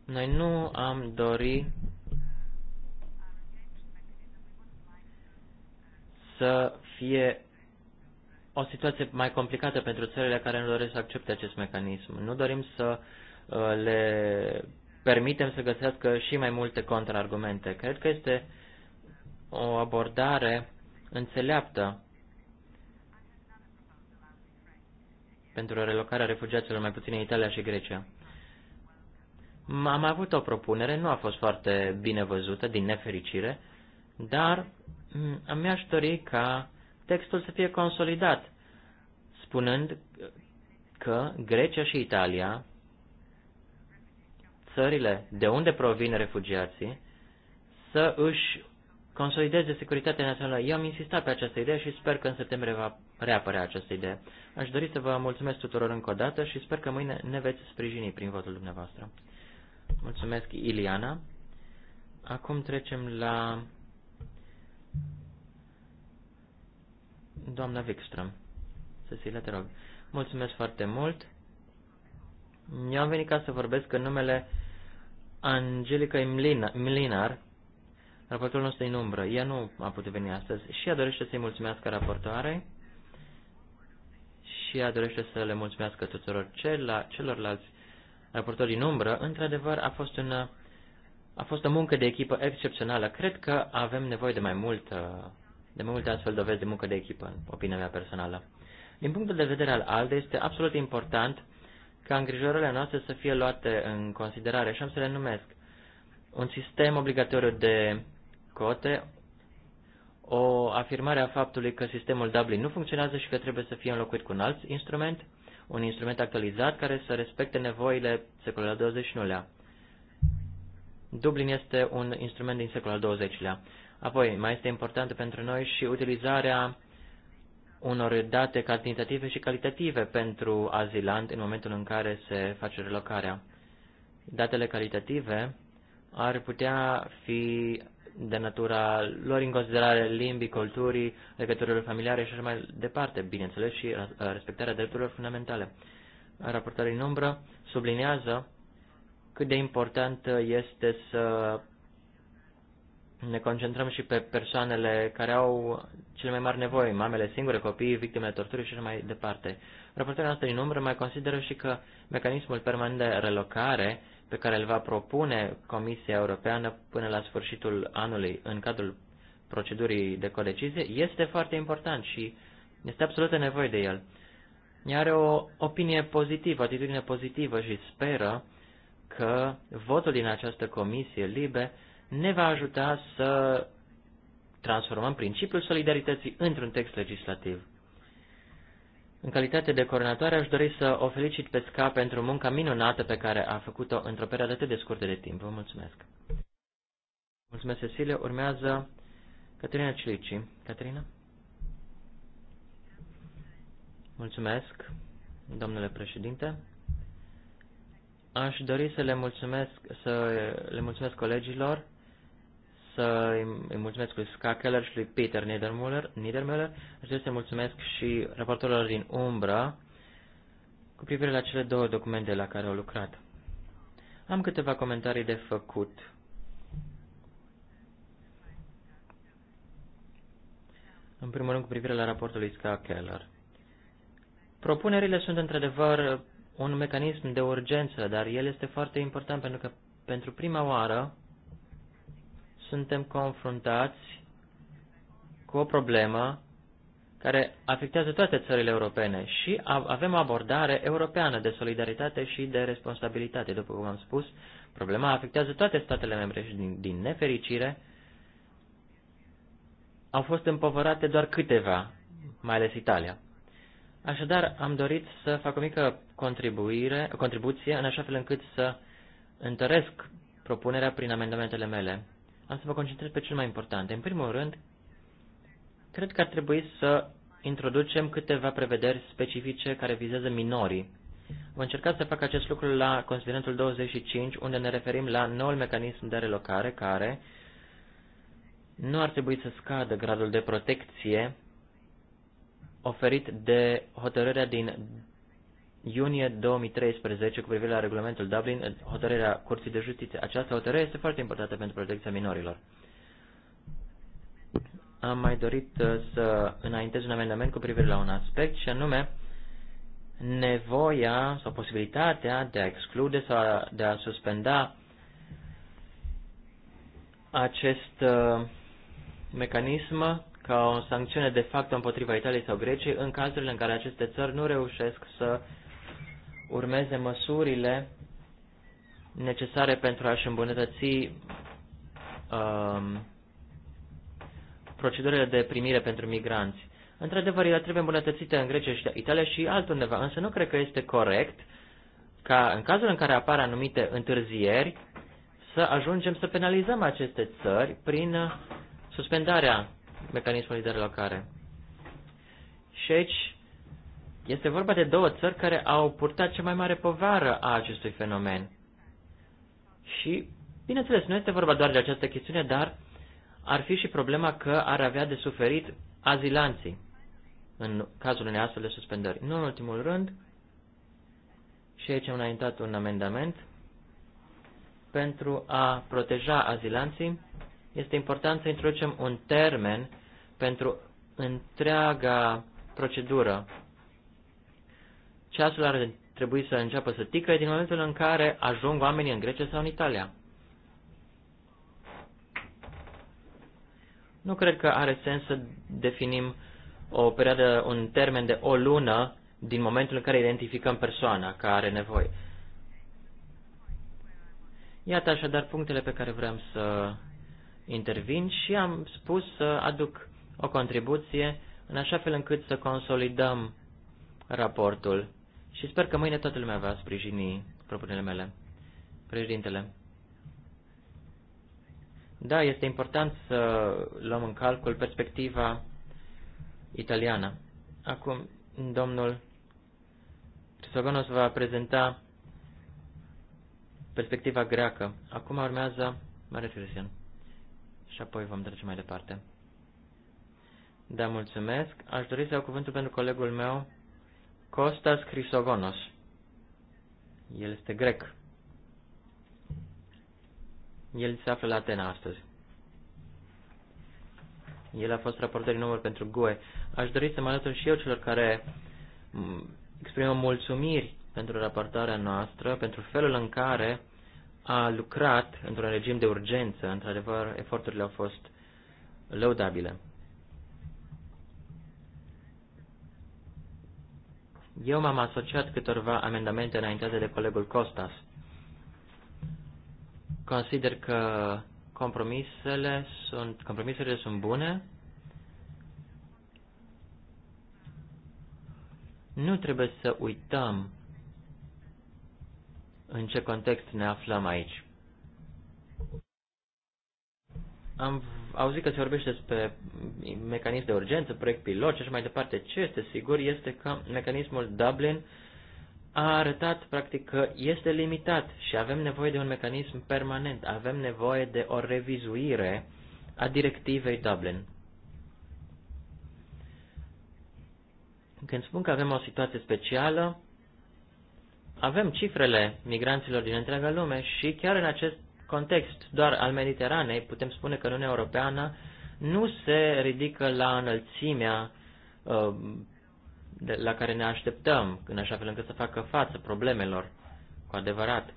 noi nu am dori să fie o situație mai complicată pentru țările care nu doresc să accepte acest mecanism. Nu dorim să uh, le permitem să găsească și mai multe contraargumente. Cred că este o abordare înțeleaptă pentru relocarea refugiaților mai puțin în Italia și Grecia. Am avut o propunere, nu a fost foarte bine văzută, din nefericire, dar Mm, mi-aș dori ca textul să fie consolidat, spunând că Grecia și Italia, țările de unde provin refugiații, să își consolideze securitatea națională. Eu am insistat pe această idee și sper că în septembrie va reapărea această idee. Aș dori să vă mulțumesc tuturor încă o dată și sper că mâine ne veți sprijini prin votul dumneavoastră. Mulțumesc, Iliana. Acum trecem la Doamna Wikström. Cecilia, te rog. Mulțumesc foarte mult. Eu am venit ca să vorbesc în numele Angelica Milinar, raportorul nostru în umbră. Ea nu a putut veni astăzi și ea dorește să-i mulțumească raportoare și ea dorește să le mulțumească tuturor celorlalți raportori în umbră. Într-adevăr, a fost un a fost o muncă de echipă excepțională. Cred că avem nevoie de mai multă de mai multe astfel dovezi de muncă de echipă, în opinia mea personală. Din punctul de vedere al ALDE, este absolut important ca îngrijorările noastre să fie luate în considerare și am să le numesc. Un sistem obligatoriu de cote, o afirmare a faptului că sistemul Dublin nu funcționează și că trebuie să fie înlocuit cu un alt instrument, un instrument actualizat care să respecte nevoile secolului al XXI-lea. Dublin este un instrument din secolul al XX-lea. Apoi, mai este importantă pentru noi și utilizarea unor date cantitative și calitative pentru azilant în momentul în care se face relocarea. Datele calitative ar putea fi de natura lor în considerare limbii, culturii, legăturilor familiare și așa mai departe, bineînțeles, și respectarea drepturilor fundamentale. Raportarea în umbră sublinează cât de important este să ne concentrăm și pe persoanele care au cele mai mari nevoi, mamele singure, copiii, victimele torturii și așa mai departe. Raportarea noastră din umbră mai consideră și că mecanismul permanent de relocare pe care îl va propune Comisia Europeană până la sfârșitul anului în cadrul procedurii de codecizie este foarte important și este absolută nevoie de el. Ea are o opinie pozitivă, o atitudine pozitivă și speră că votul din această comisie libe ne va ajuta să transformăm principiul solidarității într-un text legislativ. În calitate de coordonatoare, aș dori să o felicit pe SCA pentru munca minunată pe care a făcut-o într-o perioadă atât de scurtă de timp. Vă mulțumesc! Mulțumesc, Cecilia. Urmează Caterina Cilici. Caterina? Mulțumesc, domnule președinte. Aș dori să le mulțumesc, să le mulțumesc colegilor să îi mulțumesc lui Ska Keller și lui Peter Niedermüller. Niedermüller. Aș dori să mulțumesc și raportorilor din Umbra cu privire la cele două documente la care au lucrat. Am câteva comentarii de făcut. În primul rând cu privire la raportul lui Ska Keller. Propunerile sunt într-adevăr un mecanism de urgență, dar el este foarte important pentru că pentru prima oară suntem confruntați cu o problemă care afectează toate țările europene și avem o abordare europeană de solidaritate și de responsabilitate. După cum am spus, problema afectează toate statele membre și din, din nefericire au fost împovărate doar câteva, mai ales Italia. Așadar, am dorit să fac o mică contribuire, contribuție în așa fel încât să întăresc propunerea prin amendamentele mele am să mă concentrez pe cel mai important. În primul rând, cred că ar trebui să introducem câteva prevederi specifice care vizează minorii. Vom încerca să fac acest lucru la considerentul 25, unde ne referim la noul mecanism de relocare care nu ar trebui să scadă gradul de protecție oferit de hotărârea din iunie 2013 cu privire la regulamentul Dublin, hotărârea Curții de Justiție. Această hotărâre este foarte importantă pentru protecția minorilor. Am mai dorit uh, să înaintez un amendament cu privire la un aspect și anume nevoia sau posibilitatea de a exclude sau de a suspenda acest uh, mecanism ca o sancțiune de fapt împotriva Italiei sau Greciei în cazurile în care aceste țări nu reușesc să uh, urmeze măsurile necesare pentru a-și îmbunătăți um, procedurile de primire pentru migranți. Într-adevăr, ele trebuie îmbunătățite în Grecia și Italia și altundeva, însă nu cred că este corect ca în cazul în care apar anumite întârzieri să ajungem să penalizăm aceste țări prin suspendarea mecanismului de relocare. Și aici este vorba de două țări care au purtat cea mai mare povară a acestui fenomen. Și, bineînțeles, nu este vorba doar de această chestiune, dar ar fi și problema că ar avea de suferit azilanții în cazul unei astfel de suspendări. Nu în ultimul rând, și aici am înaintat un amendament, pentru a proteja azilanții, este important să introducem un termen pentru întreaga procedură ceasul ar trebui să înceapă să tică din momentul în care ajung oamenii în Grecia sau în Italia. Nu cred că are sens să definim o perioadă, un termen de o lună din momentul în care identificăm persoana care are nevoie. Iată așadar punctele pe care vreau să intervin și am spus să aduc o contribuție în așa fel încât să consolidăm raportul și sper că mâine toată lumea va sprijini propunerile mele. Președintele. Da, este important să luăm în calcul perspectiva italiană. Acum, domnul Crisogonos va prezenta perspectiva greacă. Acum urmează Mare Cristian. Și apoi vom trece mai departe. Da, mulțumesc. Aș dori să iau cuvântul pentru colegul meu, Costas Crisogonos. El este grec. El se află la Atena astăzi. El a fost raportor număr pentru GUE. Aș dori să mă alătur și eu celor care mm, exprimă mulțumiri pentru raportarea noastră, pentru felul în care a lucrat într-un regim de urgență. Într-adevăr, eforturile au fost lăudabile. Eu m-am asociat câtorva amendamente înaintate de colegul Costas. Consider că compromisele sunt, compromisele sunt bune. Nu trebuie să uităm în ce context ne aflăm aici. Am auzit că se vorbește despre mecanism de urgență, proiect pilot și așa mai departe. Ce este sigur este că mecanismul Dublin a arătat practic că este limitat și avem nevoie de un mecanism permanent. Avem nevoie de o revizuire a directivei Dublin. Când spun că avem o situație specială, avem cifrele migranților din întreaga lume și chiar în acest context doar al Mediteranei, putem spune că Uniunea Europeană nu se ridică la înălțimea uh, la care ne așteptăm, în așa fel încât să facă față problemelor cu adevărat.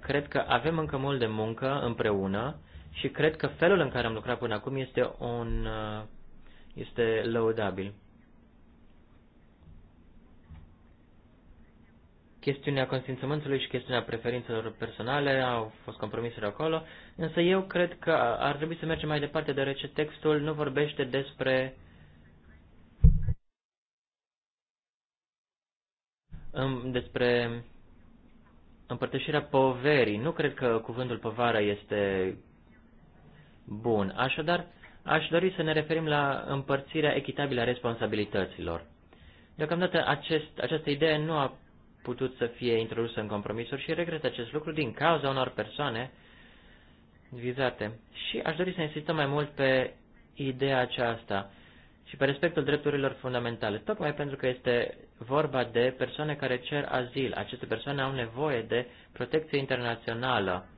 Cred că avem încă mult de muncă împreună și cred că felul în care am lucrat până acum este, un, uh, este lăudabil. Chestiunea consimțământului și chestiunea preferințelor personale au fost compromisuri acolo, însă eu cred că ar trebui să mergem mai departe, deoarece textul nu vorbește despre despre împărtășirea poverii. Nu cred că cuvântul povară este bun. Așadar, aș dori să ne referim la împărțirea echitabilă a responsabilităților. Deocamdată acest, această idee nu a putut să fie introdusă în compromisuri și regret acest lucru din cauza unor persoane vizate. Și aș dori să insistăm mai mult pe ideea aceasta și pe respectul drepturilor fundamentale, tocmai pentru că este vorba de persoane care cer azil. Aceste persoane au nevoie de protecție internațională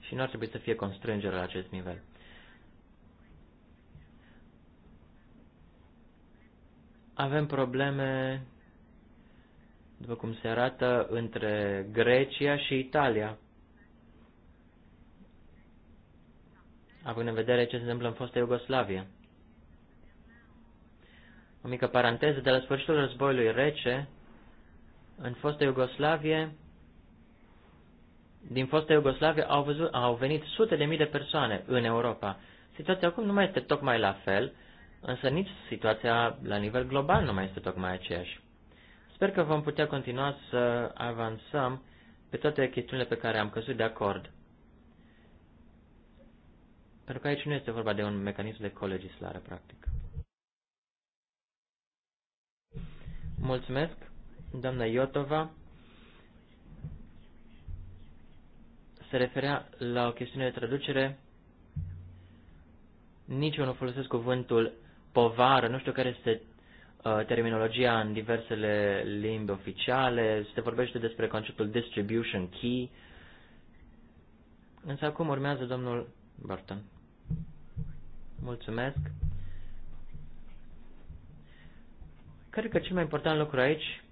și nu ar trebui să fie constrângere la acest nivel. Avem probleme după cum se arată între Grecia și Italia. având în vedere ce se întâmplă în fostă Iugoslavie. O mică paranteză, de la sfârșitul războiului rece, în fostă Iugoslavie, din fostă Iugoslavie au, văzut, au venit sute de mii de persoane în Europa. Situația acum nu mai este tocmai la fel, însă nici situația la nivel global nu mai este tocmai aceeași. Sper că vom putea continua să avansăm pe toate chestiunile pe care am căzut de acord. Pentru că aici nu este vorba de un mecanism de colegislare, practic. Mulțumesc, doamna Iotova. Se referea la o chestiune de traducere. Nici eu nu folosesc cuvântul povară, nu știu care este Uh, terminologia în diversele limbi oficiale, se vorbește despre conceptul distribution key. Însă acum urmează domnul Burton. Mulțumesc. Cred că cel mai important lucru aici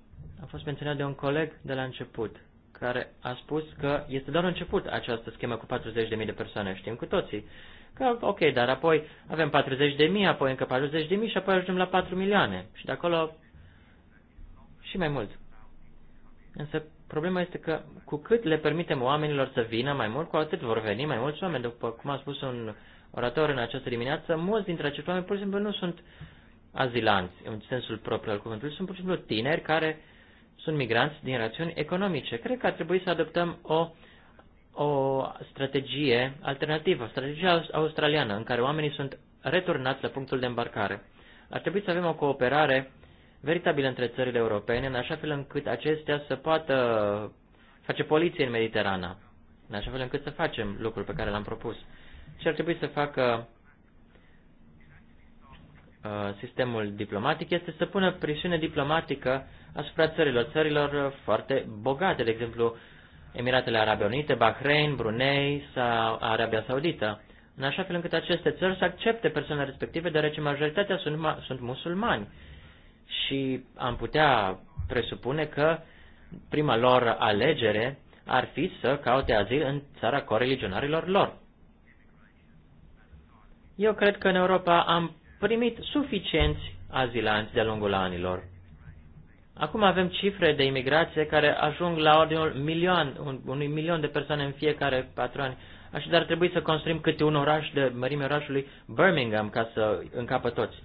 a fost menționat de un coleg de la început, care a spus că este doar început această schemă cu 40.000 de persoane, știm cu toții că, ok, dar apoi avem 40 de mii, apoi încă 40 de mii și apoi ajungem la 4 milioane. Și de acolo și mai mult. Însă problema este că cu cât le permitem oamenilor să vină mai mult, cu atât vor veni mai mulți oameni. După cum a spus un orator în această dimineață, mulți dintre acești oameni pur și simplu nu sunt azilanți, în sensul propriu al cuvântului, sunt pur și simplu tineri care sunt migranți din rațiuni economice. Cred că ar trebui să adoptăm o o strategie alternativă, strategia australiană, în care oamenii sunt returnați la punctul de îmbarcare. Ar trebui să avem o cooperare veritabilă între țările europene, în așa fel încât acestea să poată face poliție în Mediterana, în așa fel încât să facem lucrul pe care l-am propus. Și ar trebui să facă uh, sistemul diplomatic este să pună presiune diplomatică asupra țărilor, țărilor foarte bogate, de exemplu Emiratele Arabe Unite, Bahrain, Brunei sau Arabia Saudită, în așa fel încât aceste țări să accepte persoanele respective, deoarece majoritatea sunt, sunt musulmani. Și am putea presupune că prima lor alegere ar fi să caute azil în țara coreligionarilor lor. Eu cred că în Europa am primit suficienți azilanți de-a lungul anilor. Acum avem cifre de imigrație care ajung la ordinul milion, un, unui milion de persoane în fiecare patru ani. Așadar, trebuie să construim câte un oraș de mărime orașului Birmingham ca să încapă toți.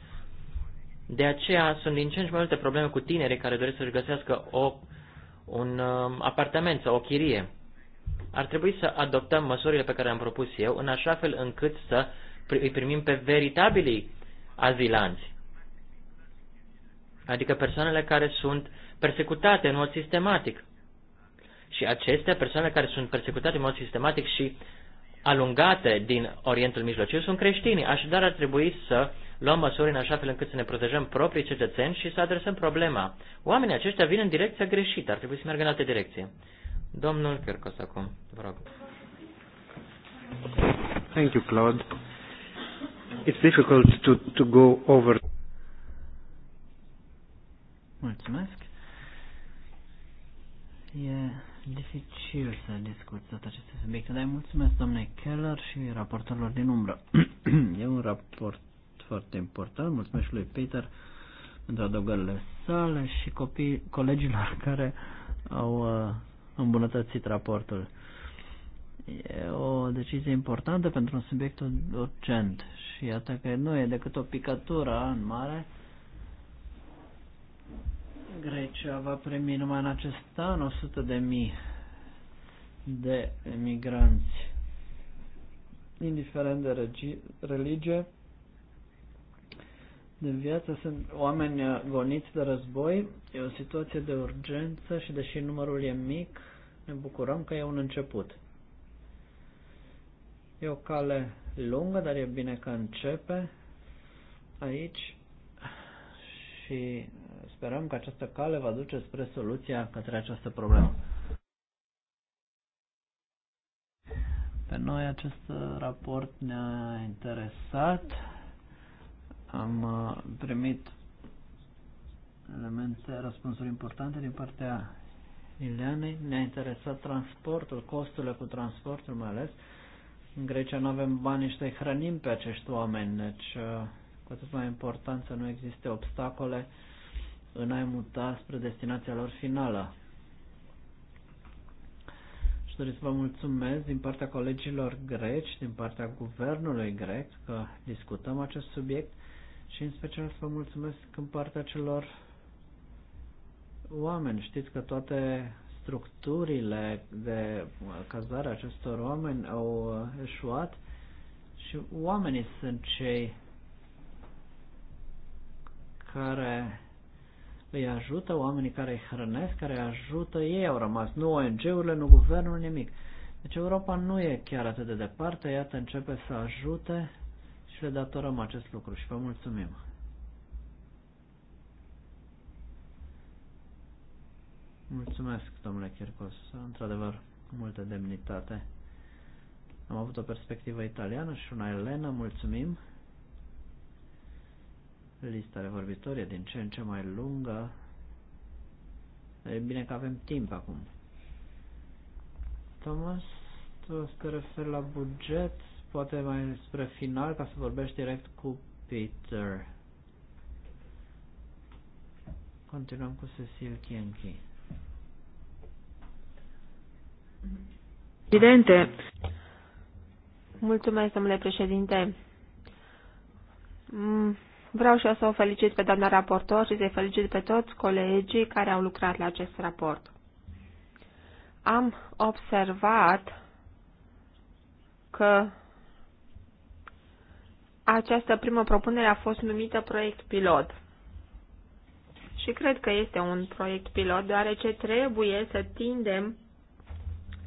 De aceea sunt din ce în ce mai multe probleme cu tinerii care doresc să-și găsească o, un um, apartament sau o chirie. Ar trebui să adoptăm măsurile pe care am propus eu, în așa fel încât să îi primim pe veritabilii azilanți adică persoanele care sunt persecutate în mod sistematic. Și acestea, persoanele care sunt persecutate în mod sistematic și alungate din Orientul Mijlociu, sunt creștini. Așadar, ar trebui să luăm măsuri în așa fel încât să ne protejăm proprii cetățeni și să adresăm problema. Oamenii aceștia vin în direcția greșită, ar trebui să meargă în alte direcții. Domnul Kirkos acum, vă rog. Thank you, Claude. It's difficult to, to go over Mulțumesc. E dificil să discut tot aceste subiecte, dar mulțumesc domnule Keller și raportorilor din umbră. e un raport foarte important. Mulțumesc și lui Peter pentru adăugările sale și copii, colegilor care au uh, îmbunătățit raportul. E o decizie importantă pentru un subiect urgent și iată că nu e decât o picătură în mare Grecia va primi numai în acest an 100 de mii de emigranți, indiferent de religie, de viață, sunt oameni uh, goniți de război, e o situație de urgență și deși numărul e mic, ne bucurăm că e un început. E o cale lungă, dar e bine că începe aici și Sperăm că această cale va duce spre soluția către această problemă. Pe noi acest raport ne-a interesat. Am uh, primit elemente, răspunsuri importante din partea Ileanei. Ne-a interesat transportul, costurile cu transportul mai ales. În Grecia nu avem bani și să-i hrănim pe acești oameni, deci uh, cu atât mai important să nu existe obstacole în a-i muta spre destinația lor finală. Și doresc să vă mulțumesc din partea colegilor greci, din partea guvernului grec că discutăm acest subiect și în special să vă mulțumesc în partea celor oameni. Știți că toate structurile de cazare acestor oameni au eșuat și oamenii sunt cei care îi ajută oamenii care îi hrănesc, care îi ajută, ei au rămas, nu ONG-urile, nu guvernul, nimic. Deci Europa nu e chiar atât de departe, iată începe să ajute și le datorăm acest lucru și vă mulțumim. Mulțumesc, domnule Chircos, într-adevăr, multă demnitate. Am avut o perspectivă italiană și una elenă, mulțumim. Lista de vorbitori e din ce în ce mai lungă. E bine că avem timp acum. Thomas, tu te referi la buget, poate mai spre final, ca să vorbești direct cu Peter. Continuăm cu Cecil Chienchi. Președinte, mulțumesc, domnule președinte. Mm, Vreau și eu să o felicit pe doamna raportor și să-i felicit pe toți colegii care au lucrat la acest raport. Am observat că această primă propunere a fost numită proiect pilot. Și cred că este un proiect pilot, deoarece trebuie să tindem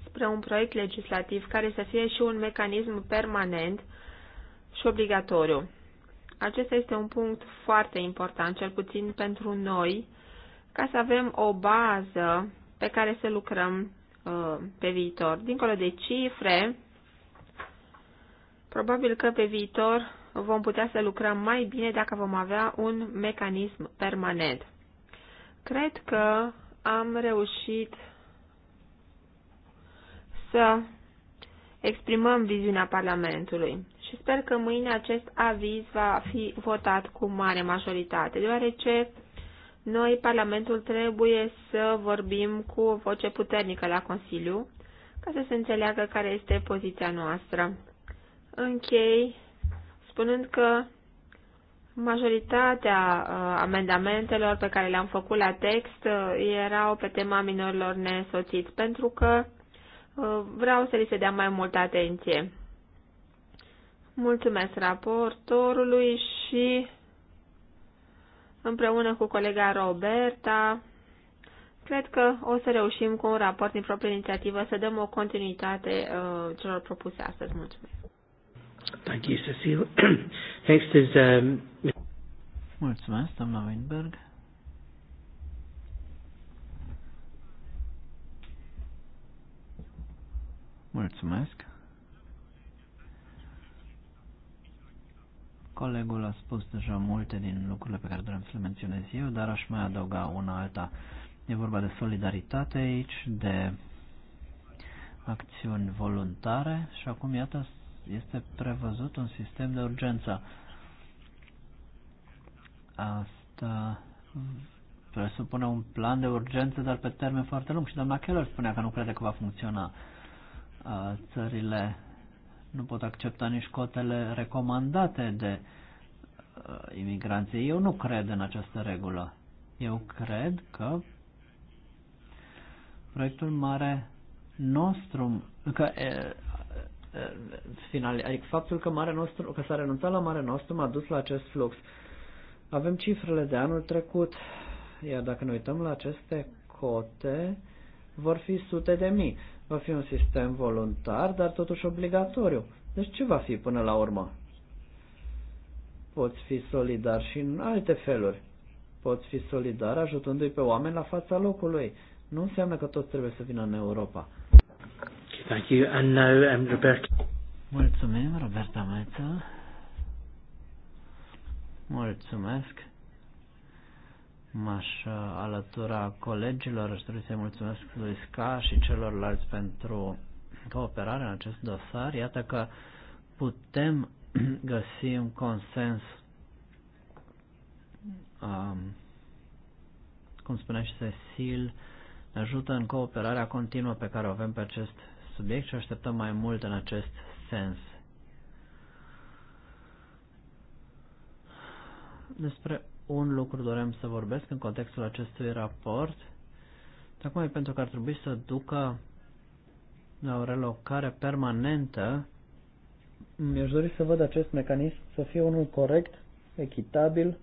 spre un proiect legislativ care să fie și un mecanism permanent și obligatoriu. Acesta este un punct foarte important, cel puțin pentru noi, ca să avem o bază pe care să lucrăm uh, pe viitor. Dincolo de cifre, probabil că pe viitor vom putea să lucrăm mai bine dacă vom avea un mecanism permanent. Cred că am reușit să exprimăm viziunea Parlamentului și sper că mâine acest aviz va fi votat cu mare majoritate, deoarece noi, Parlamentul, trebuie să vorbim cu o voce puternică la Consiliu ca să se înțeleagă care este poziția noastră. Închei spunând că majoritatea uh, amendamentelor pe care le-am făcut la text uh, erau pe tema minorilor nesoțiți, pentru că uh, vreau să li se dea mai multă atenție. Mulțumesc raportorului și împreună cu colega Roberta, cred că o să reușim cu un raport din proprie inițiativă să dăm o continuitate uh, celor propuse astăzi. Mulțumesc. Thank you, Cecil. Next is, um... Mulțumesc, doamna Weinberg. Mulțumesc. Colegul a spus deja multe din lucrurile pe care doream să le menționez eu, dar aș mai adăuga una alta. E vorba de solidaritate aici, de acțiuni voluntare și acum, iată, este prevăzut un sistem de urgență. Asta presupune un plan de urgență, dar pe termen foarte lung. Și doamna Keller spunea că nu crede că va funcționa. Țările nu pot accepta nici cotele recomandate de uh, imigranție. Eu nu cred în această regulă. Eu cred că proiectul mare nostru, că e, e, final, adică faptul că, mare nostru, că s-a renunțat la mare nostru m-a dus la acest flux. Avem cifrele de anul trecut, iar dacă ne uităm la aceste cote, vor fi sute de mii. Va fi un sistem voluntar, dar totuși obligatoriu. Deci ce va fi până la urmă? Poți fi solidar și în alte feluri. Poți fi solidar ajutându-i pe oameni la fața locului. Nu înseamnă că toți trebuie să vină în Europa. Thank you. And now, um, Roberta. Mulțumim, Roberta Mețel. Mulțumesc m-aș uh, alătura colegilor, aș trebui să-i mulțumesc lui Sca și celorlalți pentru cooperare în acest dosar. Iată că putem găsi un consens, um, cum spunea și Cecil, ne ajută în cooperarea continuă pe care o avem pe acest subiect și așteptăm mai mult în acest sens. Despre un lucru dorem să vorbesc în contextul acestui raport. Tocmai pentru că ar trebui să ducă la o relocare permanentă, mi-aș dori să văd acest mecanism să fie unul corect, echitabil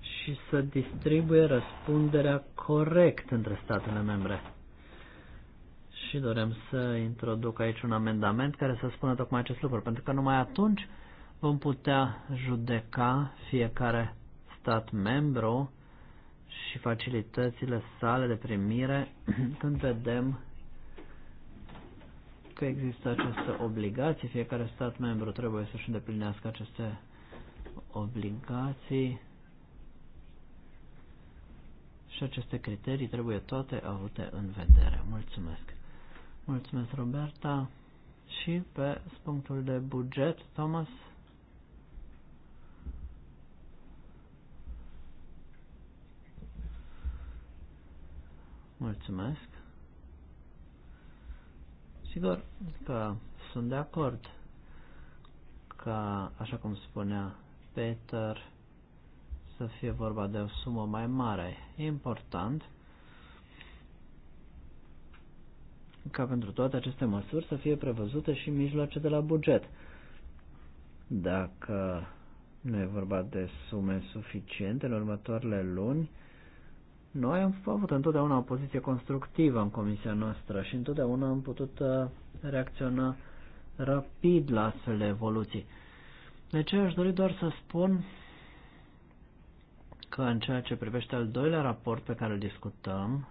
și să distribuie răspunderea corect între statele membre. Și dorem să introduc aici un amendament care să spună tocmai acest lucru, pentru că numai atunci vom putea judeca fiecare stat membru și facilitățile sale de primire când vedem că există această obligație, fiecare stat membru trebuie să-și îndeplinească aceste obligații și aceste criterii trebuie toate avute în vedere. Mulțumesc! Mulțumesc, Roberta! Și pe punctul de buget, Thomas? Mulțumesc. Sigur că sunt de acord că, așa cum spunea Peter, să fie vorba de o sumă mai mare. E important ca pentru toate aceste măsuri să fie prevăzute și mijloace de la buget. Dacă nu e vorba de sume suficiente în următoarele luni, noi am avut întotdeauna o poziție constructivă în comisia noastră și întotdeauna am putut uh, reacționa rapid la astfel de evoluții. De ce aș dori doar să spun că în ceea ce privește al doilea raport pe care îl discutăm,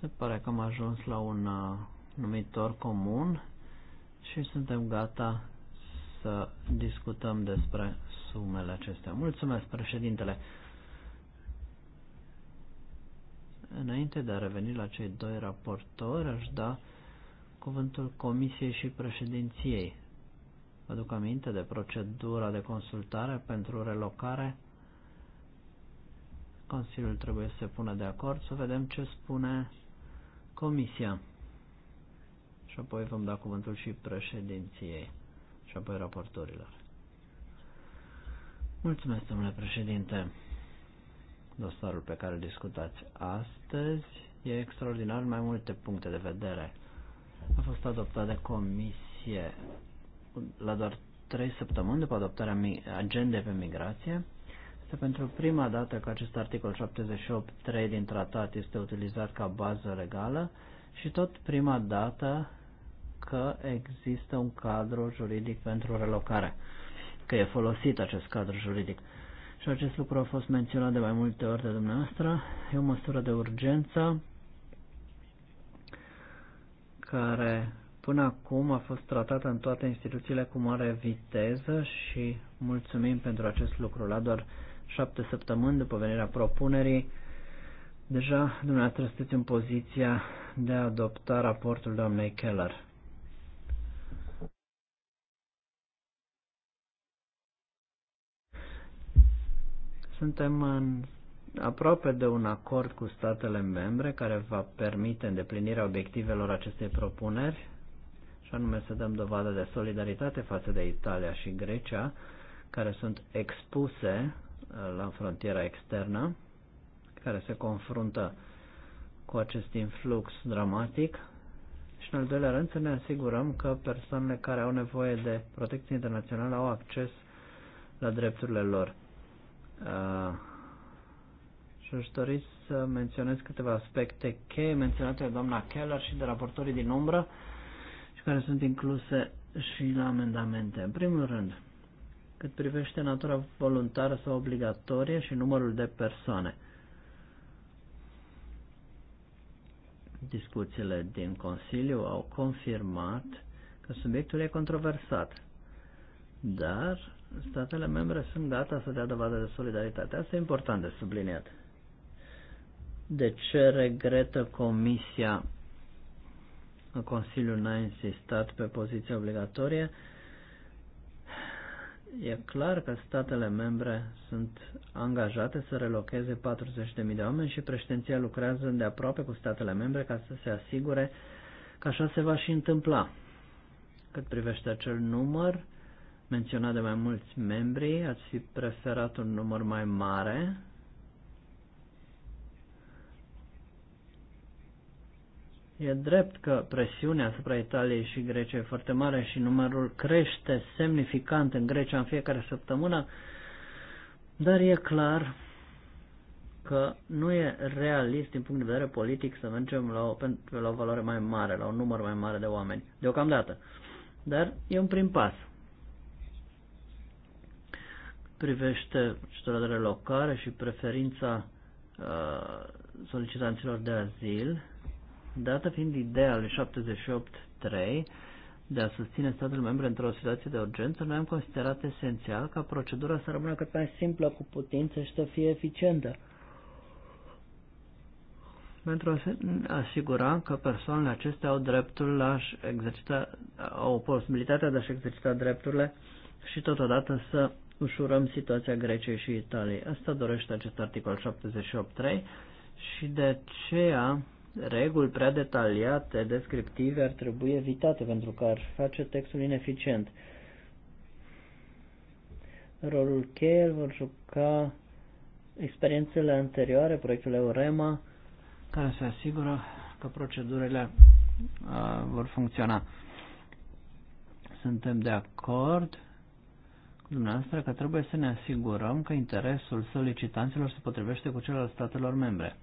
se pare că am ajuns la un uh, numitor comun și suntem gata să discutăm despre sumele acestea. Mulțumesc, președintele. Înainte de a reveni la cei doi raportori, aș da cuvântul Comisiei și președinției. Vă duc aminte de procedura de consultare pentru relocare. Consiliul trebuie să se pună de acord, să vedem ce spune Comisia. Și apoi vom da cuvântul și președinției și apoi raportorilor. Mulțumesc, domnule președinte. Dosarul pe care îl discutați astăzi e extraordinar mai multe puncte de vedere. A fost adoptat de comisie la doar trei săptămâni după adoptarea agendei pe migrație. Este pentru prima dată că acest articol 78.3 din tratat este utilizat ca bază legală și tot prima dată că există un cadru juridic pentru relocare, că e folosit acest cadru juridic. Și acest lucru a fost menționat de mai multe ori de dumneavoastră. E o măsură de urgență care până acum a fost tratată în toate instituțiile cu mare viteză și mulțumim pentru acest lucru. La doar șapte săptămâni după venirea propunerii, deja dumneavoastră sunteți în poziția de a adopta raportul doamnei Keller. Suntem în, aproape de un acord cu statele membre care va permite îndeplinirea obiectivelor acestei propuneri, și anume să dăm dovadă de solidaritate față de Italia și Grecia, care sunt expuse uh, la frontiera externă, care se confruntă cu acest influx dramatic și, în al doilea rând, să ne asigurăm că persoanele care au nevoie de protecție internațională au acces la drepturile lor. Uh, și aș dori să menționez câteva aspecte cheie menționate de doamna Keller și de raportorii din umbră și care sunt incluse și la amendamente. În primul rând, cât privește natura voluntară sau obligatorie și numărul de persoane. Discuțiile din Consiliu au confirmat că subiectul e controversat, dar statele membre sunt gata să dea dovadă de solidaritate. Asta e important de subliniat. De ce regretă Comisia Consiliul n-a insistat pe poziția obligatorie? E clar că statele membre sunt angajate să relocheze 40.000 de oameni și președinția lucrează de aproape cu statele membre ca să se asigure că așa se va și întâmpla. Cât privește acel număr, menționat de mai mulți membri, ați fi preferat un număr mai mare. E drept că presiunea asupra Italiei și Greciei e foarte mare și numărul crește semnificant în Grecia în fiecare săptămână, dar e clar că nu e realist din punct de vedere politic să mergem la o, la o valoare mai mare, la un număr mai mare de oameni, deocamdată. Dar e un prim pas privește cererea de relocare și preferința uh, solicitanților de azil, dată fiind ideea al 78.3 de a susține statul membru într-o situație de urgență, noi am considerat esențial ca procedura să rămână cât mai simplă cu putință și să fie eficientă. Pentru a se asigura că persoanele acestea au dreptul la exercita, au posibilitatea de a-și exercita drepturile și totodată să ușurăm situația Greciei și Italiei. Asta dorește acest articol 78.3 și de aceea reguli prea detaliate, descriptive, ar trebui evitate pentru că ar face textul ineficient. Rolul cheie vor juca experiențele anterioare, proiectul EUREMA, care se asigură că procedurile uh, vor funcționa. Suntem de acord dumneavoastră că trebuie să ne asigurăm că interesul solicitanților se potrivește cu cel al statelor membre.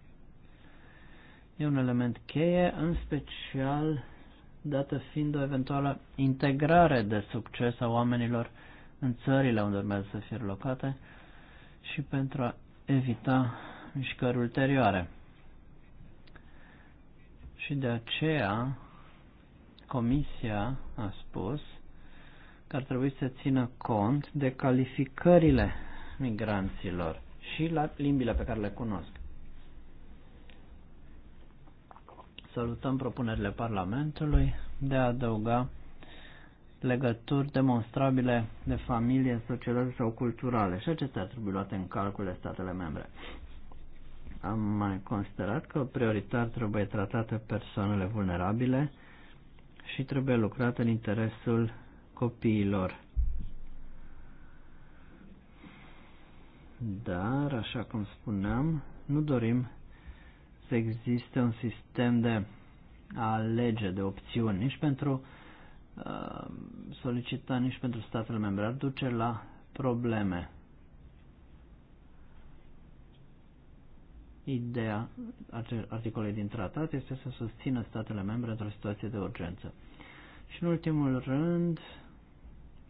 E un element cheie, în special dată fiind o eventuală integrare de succes a oamenilor în țările unde urmează să fie locate și pentru a evita mișcări ulterioare. Și de aceea Comisia a spus că ar trebui să țină cont de calificările migranților și la limbile pe care le cunosc. Salutăm propunerile Parlamentului de a adăuga legături demonstrabile de familie, sociale sau culturale și acestea ar trebui luate în calcul de statele membre. Am mai considerat că prioritar trebuie tratate persoanele vulnerabile și trebuie lucrat în interesul copiilor. Dar, așa cum spuneam, nu dorim să existe un sistem de a alege, de opțiuni, nici pentru uh, solicita, nici pentru statele membre. Ar duce la probleme. Ideea articolului din tratat este să susțină statele membre într-o situație de urgență. Și în ultimul rând,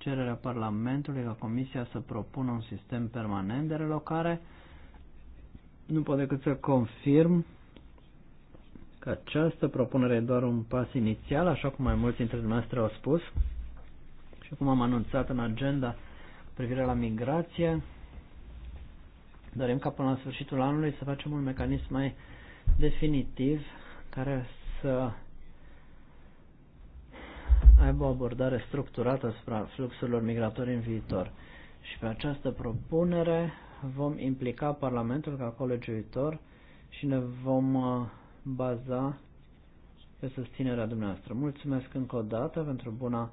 cererea Parlamentului ca Comisia să propună un sistem permanent de relocare. Nu pot decât să confirm că această propunere e doar un pas inițial, așa cum mai mulți dintre dumneavoastră au spus și cum am anunțat în agenda privire la migrație. Dorim ca până la sfârșitul anului să facem un mecanism mai definitiv care să aibă o abordare structurată asupra fluxurilor migratorii în viitor. Și pe această propunere vom implica Parlamentul ca viitor și ne vom uh, baza pe susținerea dumneavoastră. Mulțumesc încă o dată pentru buna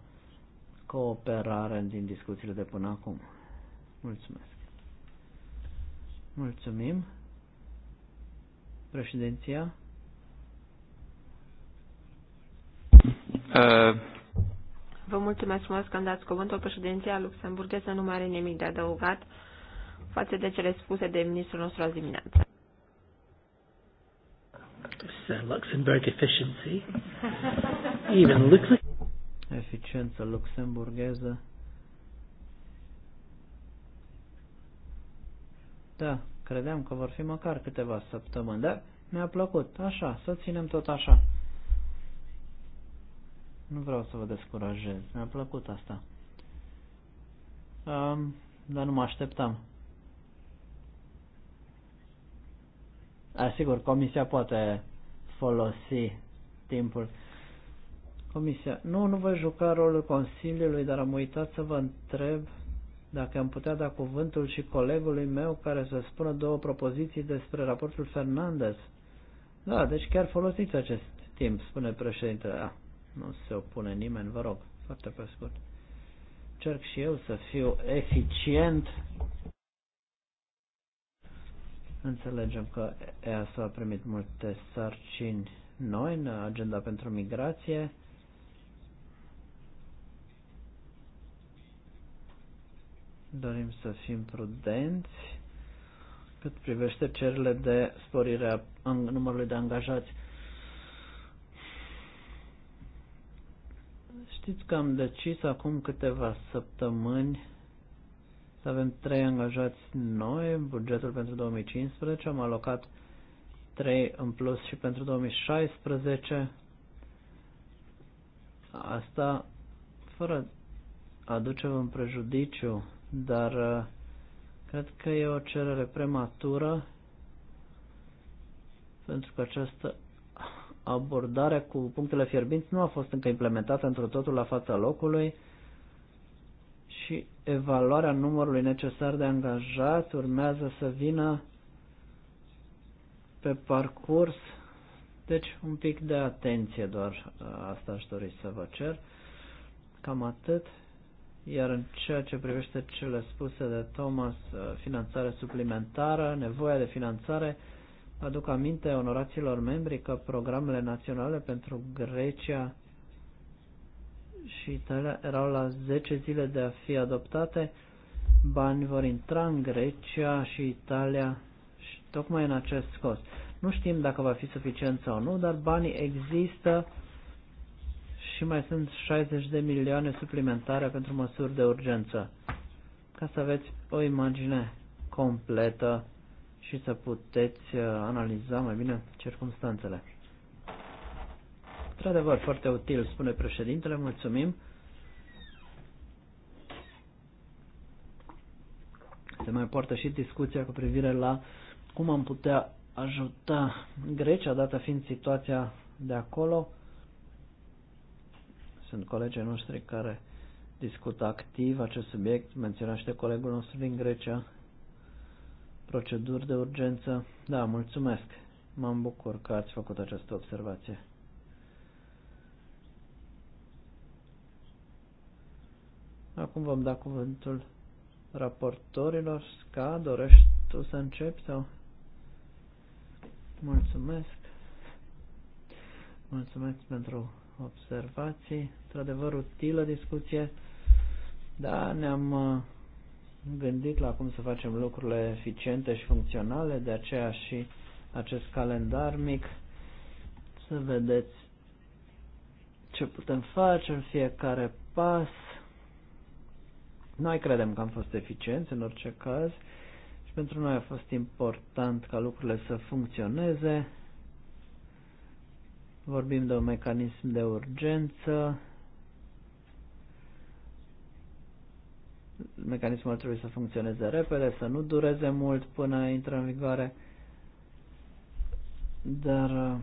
cooperare din discuțiile de până acum. Mulțumesc. Mulțumim. Președinția. Uh, Vă mulțumesc frumos că îmi dați cuvântul. Președinția luxemburgheză nu mai are nimic de adăugat față de cele spuse de ministrul nostru azi dimineață. Luxembourg Eficiența luxemburgheză. Da, credeam că vor fi măcar câteva săptămâni, dar mi-a plăcut. Așa, să ținem tot așa. Nu vreau să vă descurajez. Mi-a plăcut asta. Um, dar nu mă așteptam. Asigur, comisia poate folosi timpul. Comisia, nu, nu voi juca rolul Consiliului, dar am uitat să vă întreb dacă am putea da cuvântul și colegului meu care să spună două propoziții despre raportul Fernandez. Da, deci chiar folosiți acest timp, spune președintele. Da. Nu se opune nimeni, vă rog, foarte pe scurt. Cerc și eu să fiu eficient. Înțelegem că EASA a primit multe sarcini noi în agenda pentru migrație. Dorim să fim prudenți cât privește cerile de sporire a numărului de angajați. Știți că am decis acum câteva săptămâni să avem trei angajați noi în bugetul pentru 2015. Am alocat trei în plus și pentru 2016. Asta fără aduce un prejudiciu, dar uh, cred că e o cerere prematură pentru că această abordarea cu punctele fierbinți nu a fost încă implementată într totul la fața locului și evaluarea numărului necesar de angajați urmează să vină pe parcurs. Deci un pic de atenție doar asta aș dori să vă cer. Cam atât. Iar în ceea ce privește cele spuse de Thomas, finanțare suplimentară, nevoia de finanțare, Aduc aminte onoraților membri că programele naționale pentru Grecia și Italia erau la 10 zile de a fi adoptate. Bani vor intra în Grecia și Italia și tocmai în acest scos. Nu știm dacă va fi suficient sau nu, dar banii există și mai sunt 60 de milioane suplimentare pentru măsuri de urgență. Ca să aveți o imagine completă și să puteți uh, analiza mai bine circumstanțele. Într-adevăr, foarte util, spune președintele, mulțumim. Se mai poartă și discuția cu privire la cum am putea ajuta Grecia, dată fiind situația de acolo. Sunt colegii noștri care discută activ acest subiect, menționat și de colegul nostru din Grecia, proceduri de urgență. Da, mulțumesc. Mă bucur că ați făcut această observație. Acum vom da cuvântul raportorilor. Sca, dorești tu să începi sau? Mulțumesc. Mulțumesc pentru observații. Într-adevăr, utilă discuție. Da, ne-am uh, gândit la cum să facem lucrurile eficiente și funcționale, de aceea și acest calendar mic, să vedeți ce putem face în fiecare pas. Noi credem că am fost eficienți în orice caz și pentru noi a fost important ca lucrurile să funcționeze. Vorbim de un mecanism de urgență, mecanismul trebuie să funcționeze repede, să nu dureze mult până intră în vigoare, dar uh,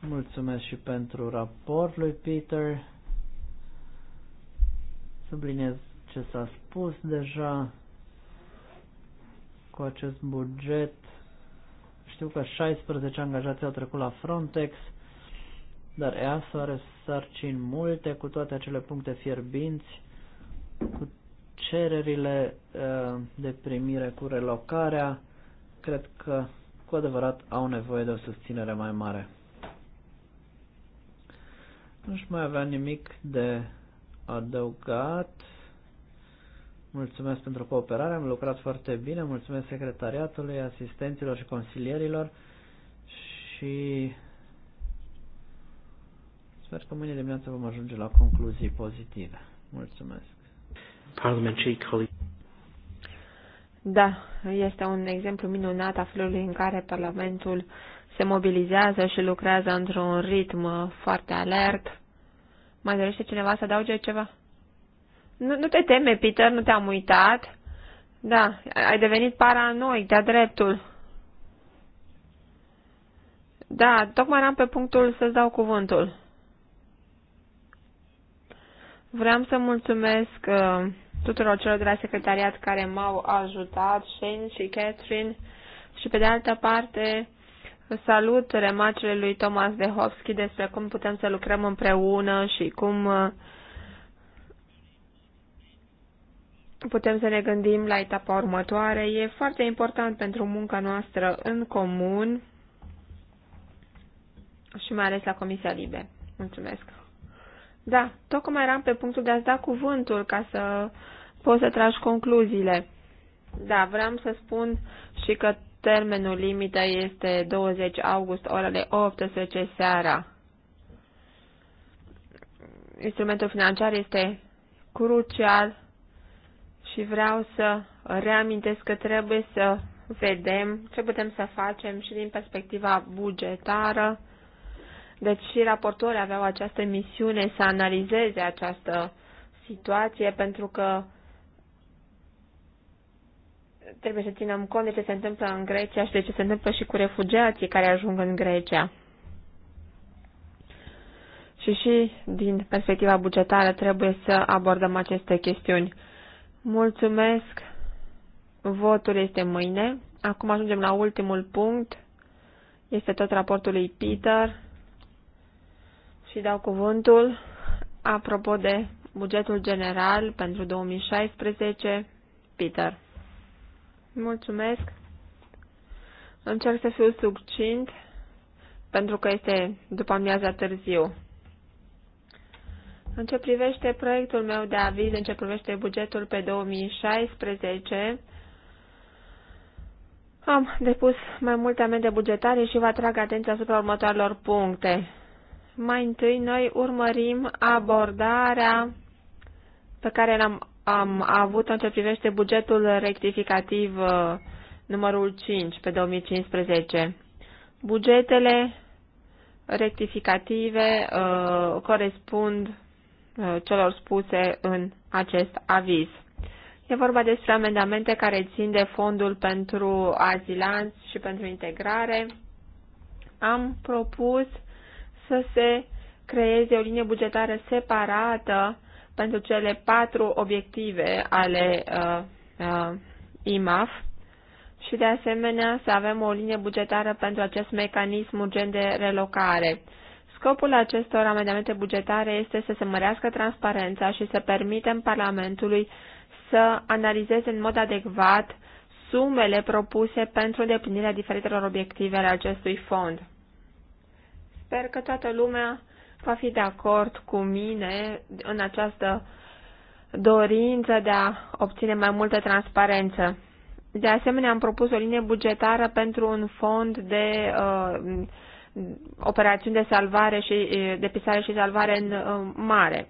mulțumesc și pentru raport lui Peter. Subliniez ce s-a spus deja cu acest buget. Știu că 16 angajați au trecut la Frontex, dar EASA are sarcini multe cu toate acele puncte fierbinți, cu cererile uh, de primire, cu relocarea. Cred că cu adevărat au nevoie de o susținere mai mare. Nu-și mai avea nimic de adăugat. Mulțumesc pentru cooperare, am lucrat foarte bine, mulțumesc secretariatului, asistenților și consilierilor și Sper că mâine dimineață vom ajunge la concluzii pozitive. Mulțumesc. Da, este un exemplu minunat a felului în care Parlamentul se mobilizează și lucrează într-un ritm foarte alert. Mai dorește cineva să adauge ceva? Nu, nu te teme, Peter, nu te-am uitat. Da, ai devenit paranoic, de-a dreptul. Da, tocmai eram pe punctul să-ți dau cuvântul. Vreau să mulțumesc uh, tuturor celor de la secretariat care m-au ajutat, Shane și Catherine, și pe de altă parte salut remarcele lui Thomas de Hopski despre cum putem să lucrăm împreună și cum uh, putem să ne gândim la etapa următoare. E foarte important pentru munca noastră în comun și mai ales la Comisia Libe. Mulțumesc! Da, tocmai eram pe punctul de a-ți da cuvântul ca să poți să tragi concluziile. Da, vreau să spun și că termenul limită este 20 august, orele 18 seara. Instrumentul financiar este crucial și vreau să reamintesc că trebuie să vedem ce putem să facem și din perspectiva bugetară deci și raportorii aveau această misiune să analizeze această situație pentru că trebuie să ținem cont de ce se întâmplă în Grecia și de ce se întâmplă și cu refugiații care ajung în Grecia. Și și din perspectiva bugetară trebuie să abordăm aceste chestiuni. Mulțumesc! Votul este mâine. Acum ajungem la ultimul punct. Este tot raportul lui Peter și dau cuvântul apropo de bugetul general pentru 2016, Peter. Mulțumesc. Încerc să fiu succint pentru că este după amiaza târziu. În ce privește proiectul meu de aviz, în ce privește bugetul pe 2016, am depus mai multe amende bugetare și vă atrag atenția asupra următoarelor puncte. Mai întâi, noi urmărim abordarea pe care l-am am avut în ce privește bugetul rectificativ uh, numărul 5 pe 2015. Bugetele rectificative uh, corespund uh, celor spuse în acest aviz. E vorba despre amendamente care țin de fondul pentru azilanți și pentru integrare. Am propus uh, să se creeze o linie bugetară separată pentru cele patru obiective ale uh, uh, IMAF și de asemenea să avem o linie bugetară pentru acest mecanism urgent de relocare. Scopul acestor amendamente bugetare este să se mărească transparența și să permitem Parlamentului să analizeze în mod adecvat sumele propuse pentru îndeplinirea diferitelor obiective ale acestui fond. Sper că toată lumea va fi de acord cu mine în această dorință de a obține mai multă transparență. De asemenea, am propus o linie bugetară pentru un fond de uh, operațiuni de salvare și uh, de pisare și salvare în uh, mare.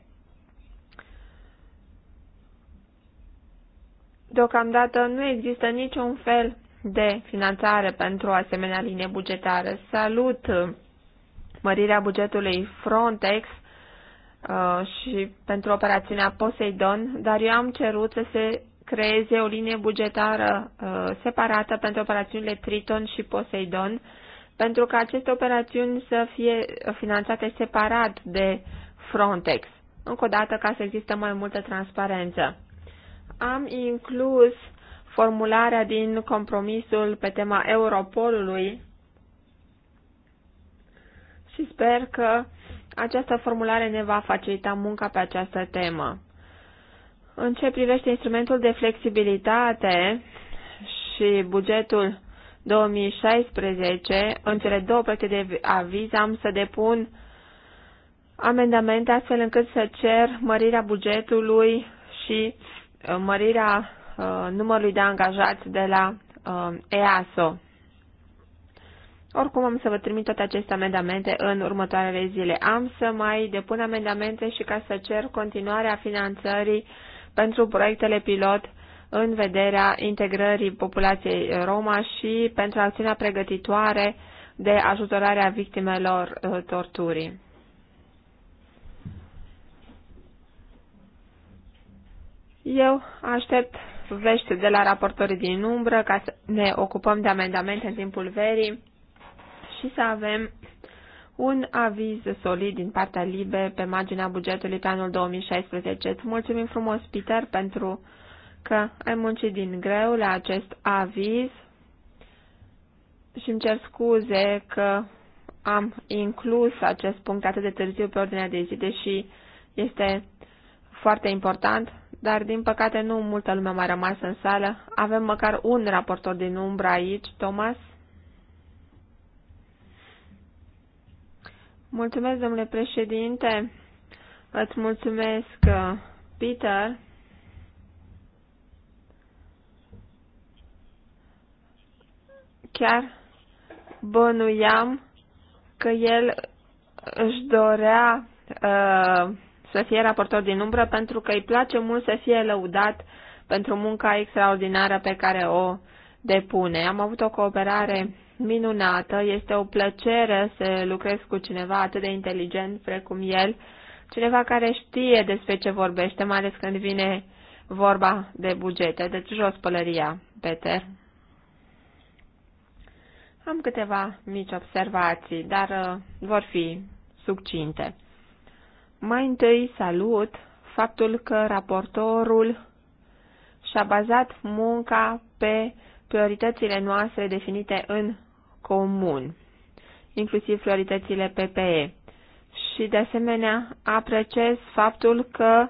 Deocamdată nu există niciun fel de finanțare pentru o asemenea linie bugetară. Salut mărirea bugetului Frontex uh, și pentru operațiunea Poseidon, dar eu am cerut să se creeze o linie bugetară uh, separată pentru operațiunile Triton și Poseidon, pentru că aceste operațiuni să fie finanțate separat de Frontex. Încă o dată, ca să există mai multă transparență. Am inclus formularea din compromisul pe tema Europolului și sper că această formulare ne va facilita munca pe această temă. În ce privește instrumentul de flexibilitate și bugetul 2016, în cele două proiecte de aviz am să depun amendamente astfel încât să cer mărirea bugetului și uh, mărirea uh, numărului de angajați de la uh, EASO. Oricum am să vă trimit toate aceste amendamente în următoarele zile. Am să mai depun amendamente și ca să cer continuarea finanțării pentru proiectele pilot în vederea integrării populației Roma și pentru acțiunea pregătitoare de ajutorare a victimelor uh, torturii. Eu aștept vești de la raportorii din umbră ca să ne ocupăm de amendamente în timpul verii și să avem un aviz solid din partea LIBE pe marginea bugetului pe anul 2016. Îți mulțumim frumos, Peter, pentru că ai muncit din greu la acest aviz și îmi cer scuze că am inclus acest punct atât de târziu pe ordinea de zi, deși este foarte important, dar din păcate nu multă lume a mai rămas în sală. Avem măcar un raportor din umbră aici, Thomas. Mulțumesc, domnule președinte. Îți mulțumesc, uh, Peter. Chiar bănuiam că el își dorea uh, să fie raportor din umbră pentru că îi place mult să fie lăudat pentru munca extraordinară pe care o depune. Am avut o cooperare minunată, este o plăcere să lucrez cu cineva atât de inteligent precum el, cineva care știe despre ce vorbește, mai ales când vine vorba de bugete. Deci jos pălăria, Peter. Am câteva mici observații, dar uh, vor fi succinte. Mai întâi salut faptul că raportorul și-a bazat munca pe prioritățile noastre definite în comun, inclusiv prioritățile PPE. Și, de asemenea, apreciez faptul că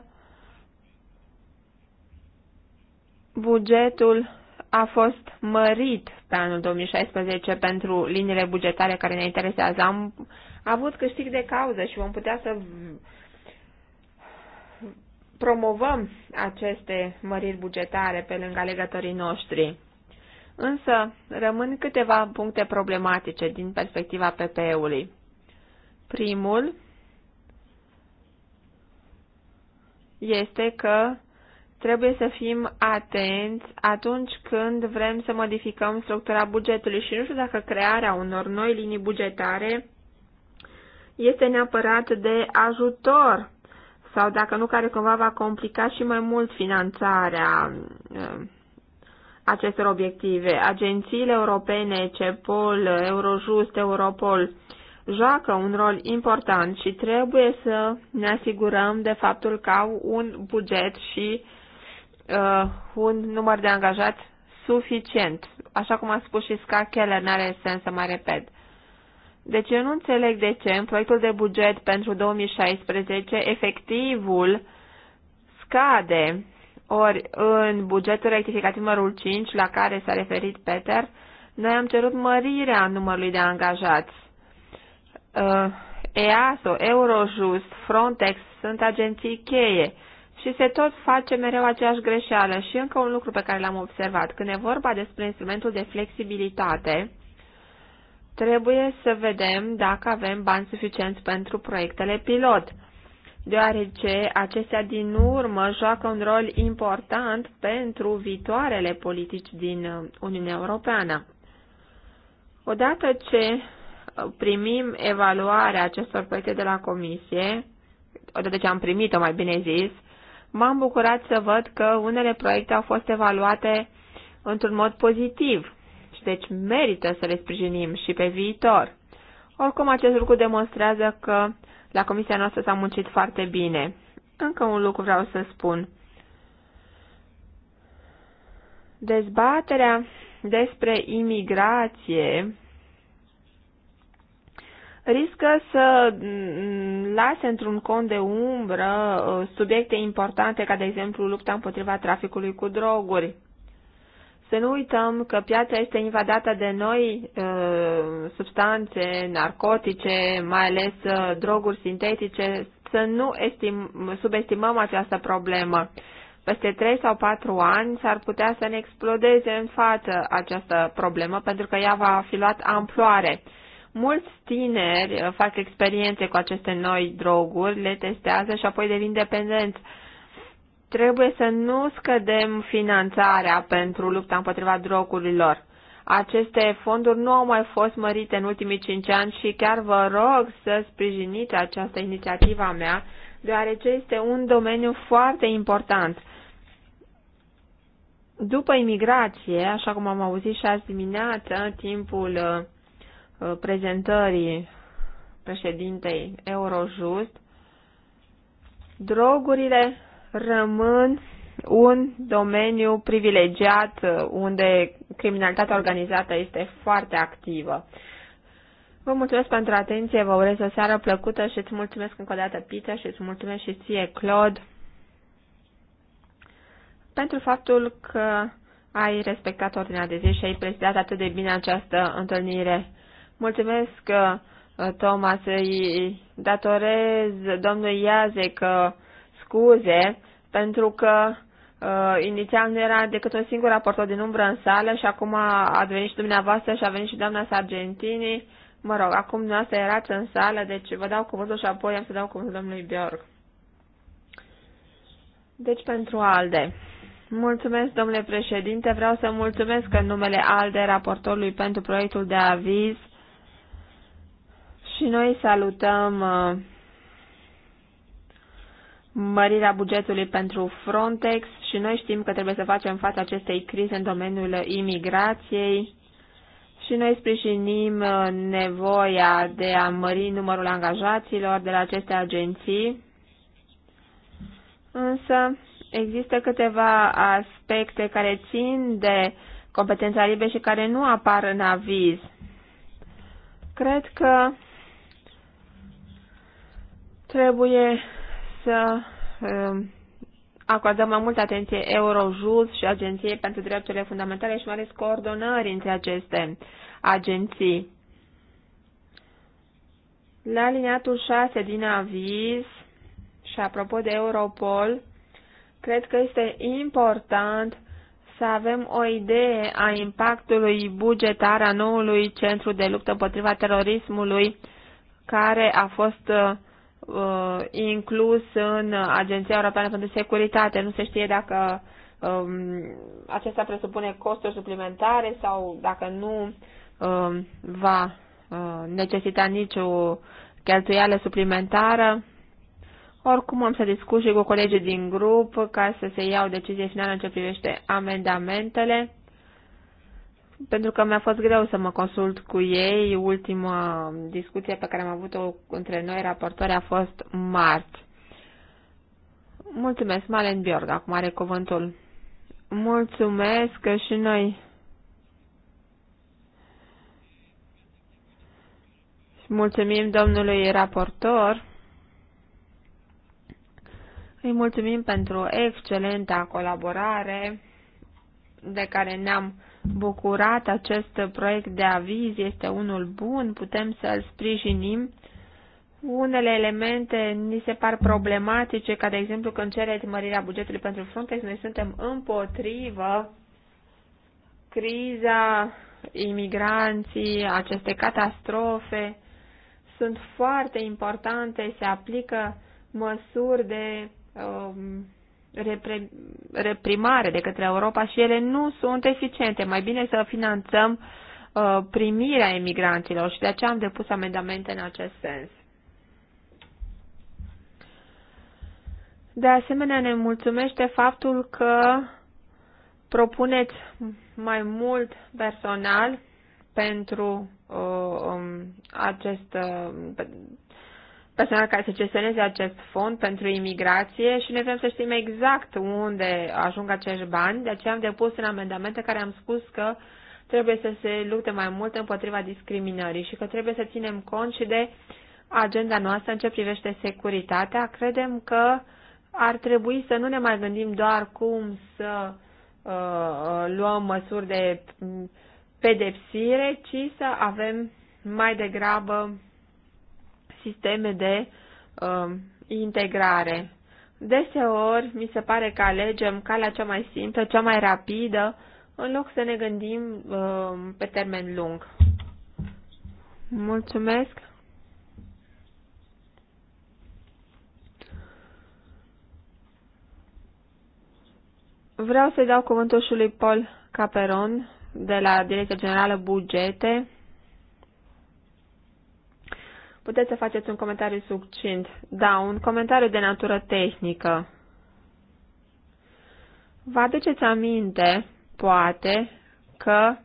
bugetul a fost mărit pe anul 2016 pentru liniile bugetare care ne interesează. Am avut câștig de cauză și vom putea să promovăm aceste măriri bugetare pe lângă alegătorii noștri însă rămân câteva puncte problematice din perspectiva PPE-ului. Primul este că trebuie să fim atenți atunci când vrem să modificăm structura bugetului și nu știu dacă crearea unor noi linii bugetare este neapărat de ajutor sau dacă nu, care cumva va complica și mai mult finanțarea acestor obiective. Agențiile europene, CEPOL, Eurojust, Europol, joacă un rol important și trebuie să ne asigurăm de faptul că au un buget și uh, un număr de angajați suficient. Așa cum a spus și Ska Keller, nu are sens să mai repet. Deci eu nu înțeleg de ce în proiectul de buget pentru 2016 efectivul scade ori în bugetul rectificativ numărul 5, la care s-a referit Peter, noi am cerut mărirea numărului de angajați. Uh, EASO, Eurojust, Frontex sunt agenții cheie și se tot face mereu aceeași greșeală. Și încă un lucru pe care l-am observat, când e vorba despre instrumentul de flexibilitate, trebuie să vedem dacă avem bani suficienți pentru proiectele pilot deoarece acestea din urmă joacă un rol important pentru viitoarele politici din uh, Uniunea Europeană. Odată ce uh, primim evaluarea acestor proiecte de la Comisie, odată ce am primit-o, mai bine zis, m-am bucurat să văd că unele proiecte au fost evaluate într-un mod pozitiv și deci merită să le sprijinim și pe viitor. Oricum, acest lucru demonstrează că la comisia noastră s-a muncit foarte bine. Încă un lucru vreau să spun. Dezbaterea despre imigrație riscă să lase într-un cont de umbră uh, subiecte importante, ca de exemplu lupta împotriva traficului cu droguri. Să nu uităm că piața este invadată de noi uh, substanțe narcotice, mai ales uh, droguri sintetice. Să nu estim, subestimăm această problemă. Peste 3 sau 4 ani s-ar putea să ne explodeze în față această problemă, pentru că ea va fi luat amploare. Mulți tineri uh, fac experiențe cu aceste noi droguri, le testează și apoi devin dependenți trebuie să nu scădem finanțarea pentru lupta împotriva drogurilor. Aceste fonduri nu au mai fost mărite în ultimii cinci ani și chiar vă rog să sprijiniți această inițiativă a mea, deoarece este un domeniu foarte important. După imigrație, așa cum am auzit și azi dimineață, în timpul uh, uh, prezentării președintei Eurojust, drogurile rămân un domeniu privilegiat uh, unde criminalitatea organizată este foarte activă. Vă mulțumesc pentru atenție, vă urez o seară plăcută și îți mulțumesc încă o dată, Peter, și îți mulțumesc și ție, Claude, pentru faptul că ai respectat ordinea de zi și ai prezidat atât de bine această întâlnire. Mulțumesc, uh, Thomas, îi datorez domnului Iaze că uh, scuze pentru că uh, inițial nu era decât un singur raportor din umbră în sală și acum a venit și dumneavoastră și a venit și doamna Sargentini. Mă rog, acum dumneavoastră erați în sală, deci vă dau cuvântul și apoi am să dau cuvântul domnului Bjorg. Deci pentru ALDE. Mulțumesc, domnule președinte. Vreau să mulțumesc în numele ALDE raportorului pentru proiectul de aviz și noi salutăm uh, mărirea bugetului pentru Frontex și noi știm că trebuie să facem față acestei crize în domeniul imigrației și noi sprijinim uh, nevoia de a mări numărul angajaților de la aceste agenții. Însă există câteva aspecte care țin de competența libe și care nu apar în aviz. Cred că trebuie să um, acordăm mai multă atenție Eurojust și Agenției pentru Drepturile Fundamentale și mai ales coordonări între aceste agenții. La liniatul 6 din aviz și apropo de Europol, cred că este important să avem o idee a impactului bugetar a noului centru de luptă împotriva terorismului care a fost uh, uh, inclus în Agenția Europeană pentru Securitate. Nu se știe dacă um, acesta presupune costuri suplimentare sau dacă nu um, va uh, necesita nicio cheltuială suplimentară. Oricum am să discut și cu colegii din grup ca să se iau decizie finală în ce privește amendamentele pentru că mi-a fost greu să mă consult cu ei. Ultima discuție pe care am avut-o între noi raportoare, a fost marți. Mulțumesc, Malen Bjorg, acum are cuvântul. Mulțumesc că și noi. Mulțumim domnului raportor. Îi mulțumim pentru excelenta colaborare de care ne-am bucurat. Acest proiect de aviz este unul bun, putem să-l sprijinim. Unele elemente ni se par problematice, ca de exemplu când cereți mărirea bugetului pentru Frontex, noi suntem împotrivă criza, imigranții, aceste catastrofe sunt foarte importante, se aplică măsuri de um, reprimare de către Europa și ele nu sunt eficiente. Mai bine să finanțăm uh, primirea emigranților și de aceea am depus amendamente în acest sens. De asemenea, ne mulțumește faptul că propuneți mai mult personal pentru uh, um, acest, uh, personal care să gestioneze acest fond pentru imigrație și noi vrem să știm exact unde ajung acești bani, de aceea am depus în amendamente care am spus că trebuie să se lupte mai mult împotriva discriminării și că trebuie să ținem cont și de agenda noastră în ce privește securitatea. Credem că ar trebui să nu ne mai gândim doar cum să uh, uh luăm măsuri de pedepsire, ci să avem mai degrabă sisteme de uh, integrare. Deseori mi se pare că alegem calea cea mai simplă, cea mai rapidă, în loc să ne gândim uh, pe termen lung. Mulțumesc! Vreau să-i dau cuvântul și lui Paul Caperon de la Direcția Generală Bugete Puteți să faceți un comentariu succint. Da, un comentariu de natură tehnică. Vă aduceți aminte, poate, că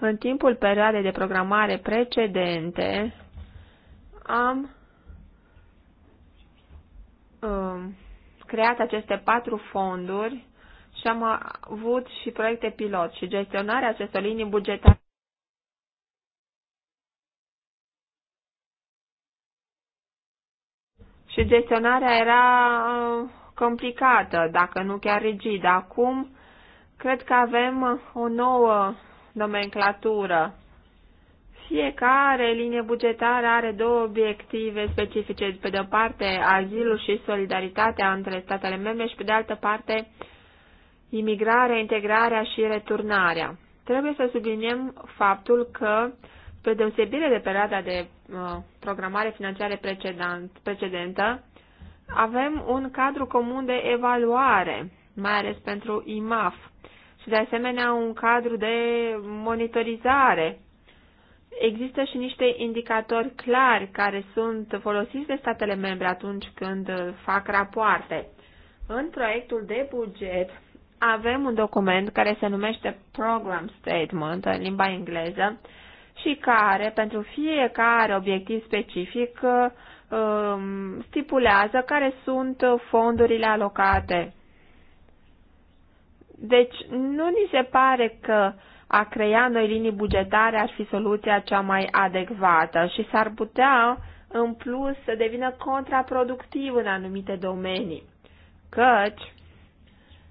în timpul perioadei de programare precedente am um, creat aceste patru fonduri și am avut și proiecte pilot și gestionarea acestor linii bugetare și gestionarea era uh, complicată, dacă nu chiar rigidă. Acum cred că avem uh, o nouă nomenclatură. Fiecare linie bugetară are două obiective specifice. Pe de o parte, azilul și solidaritatea între statele membre și pe de altă parte, imigrarea, integrarea și returnarea. Trebuie să subliniem faptul că pe deosebire de perioada de uh, programare financiară precedent, precedentă, avem un cadru comun de evaluare, mai ales pentru IMAF, și de asemenea un cadru de monitorizare. Există și niște indicatori clari care sunt folosiți de statele membre atunci când fac rapoarte. În proiectul de buget avem un document care se numește Program Statement în limba engleză, și care, pentru fiecare obiectiv specific, uh, um, stipulează care sunt fondurile alocate. Deci, nu ni se pare că a crea noi linii bugetare ar fi soluția cea mai adecvată și s-ar putea, în plus, să devină contraproductiv în anumite domenii. Căci,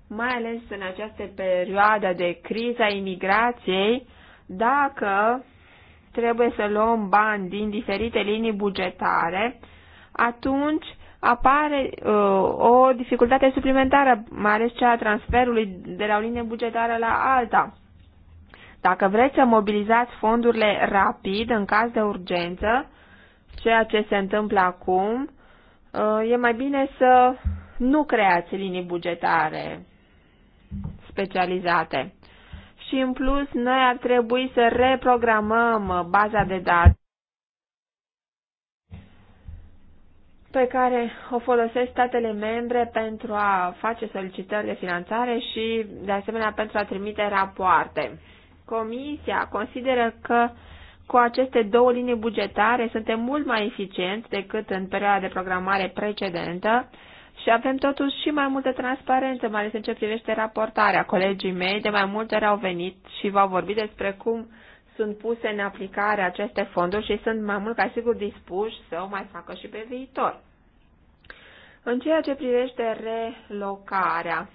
mai ales în această perioadă de criza imigrației, dacă trebuie să luăm bani din diferite linii bugetare, atunci apare uh, o dificultate suplimentară, mai ales cea a transferului de la o linie bugetară la alta. Dacă vreți să mobilizați fondurile rapid în caz de urgență, ceea ce se întâmplă acum, uh, e mai bine să nu creați linii bugetare specializate și în plus noi ar trebui să reprogramăm uh, baza de date pe care o folosesc statele membre pentru a face solicitări de finanțare și, de asemenea, pentru a trimite rapoarte. Comisia consideră că cu aceste două linii bugetare suntem mult mai eficienți decât în perioada de programare precedentă și avem totuși și mai multă transparență, mai ales în ce privește raportarea. Colegii mei de mai multe ori au venit și v-au vorbit despre cum sunt puse în aplicare aceste fonduri și sunt mai mult ca sigur dispuși să o mai facă și pe viitor. În ceea ce privește relocarea,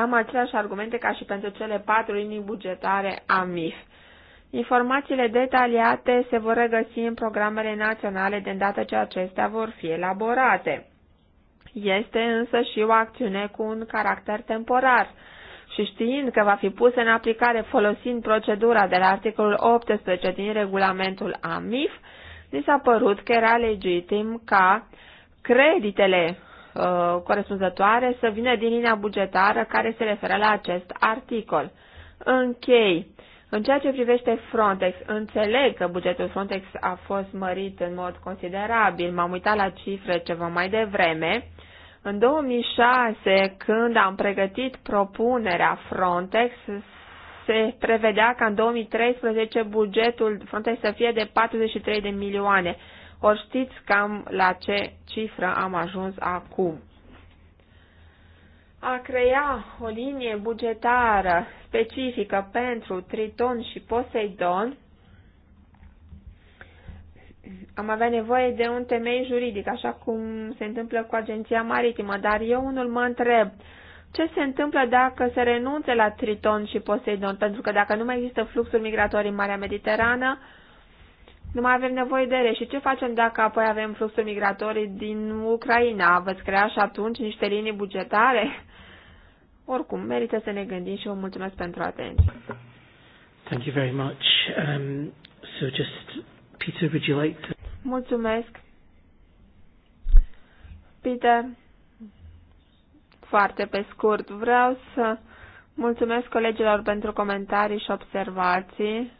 am aceleași argumente ca și pentru cele patru linii bugetare a MIF. Informațiile detaliate se vor regăsi în programele naționale de îndată ce acestea vor fi elaborate. Este însă și o acțiune cu un caracter temporar și știind că va fi pusă în aplicare folosind procedura de la articolul 18 din regulamentul AMIF, ni s-a părut că era legitim ca creditele uh, corespunzătoare să vină din linia bugetară care se referă la acest articol. Închei. În ceea ce privește Frontex, înțeleg că bugetul Frontex a fost mărit în mod considerabil. M-am uitat la cifre ceva mai devreme. Uh, în 2006, când am pregătit propunerea Frontex, se prevedea ca în 2013 bugetul Frontex să fie de 43 de milioane. Ori știți cam la ce cifră am ajuns acum. A crea o linie bugetară specifică pentru Triton și Poseidon am avea nevoie de un temei juridic, așa cum se întâmplă cu Agenția Maritimă, dar eu unul mă întreb, ce se întâmplă dacă se renunțe la Triton și Poseidon? Pentru că dacă nu mai există fluxul migrator în Marea Mediterană, nu mai avem nevoie de ele. Și ce facem dacă apoi avem fluxul migrator din Ucraina? Veți crea și atunci niște linii bugetare? Oricum, merită să ne gândim și vă mulțumesc pentru atenție. Thank you very much. Um, so just Peter, would you like to... Mulțumesc. Peter, foarte pe scurt, vreau să mulțumesc colegilor pentru comentarii și observații.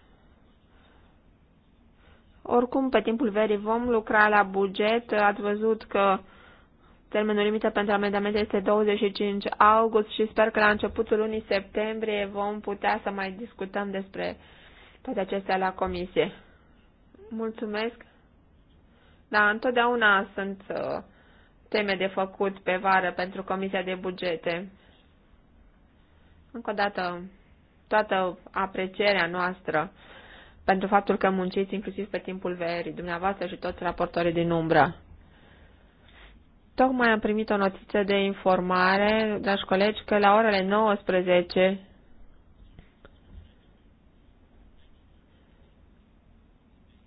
Oricum, pe timpul verii vom lucra la buget. Ați văzut că termenul limită pentru amendamente este 25 august și sper că la începutul lunii septembrie vom putea să mai discutăm despre toate acestea la comisie. Mulțumesc. Da, întotdeauna sunt uh, teme de făcut pe vară pentru Comisia de Bugete. Încă o dată, toată aprecierea noastră pentru faptul că munciți inclusiv pe timpul verii, dumneavoastră și toți raportorii din umbră. Tocmai am primit o notiță de informare, dragi colegi, că la orele 19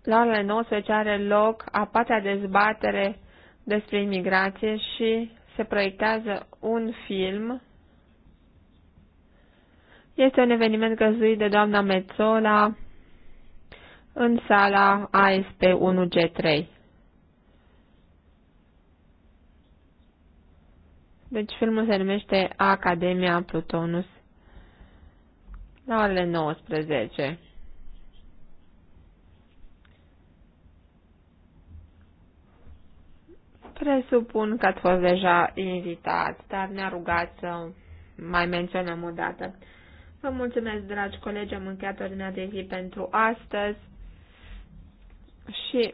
La orele 19 are loc a patra dezbatere despre imigrație și se proiectează un film. Este un eveniment găzuit de doamna Mezzola în sala ASP 1G3. Deci filmul se numește Academia Plutonus la orele 19. Presupun că ați fost deja invitat, dar ne-a rugat să mai menționăm o dată. Vă mulțumesc, dragi colegi, am încheiat ordinea de zi pentru astăzi și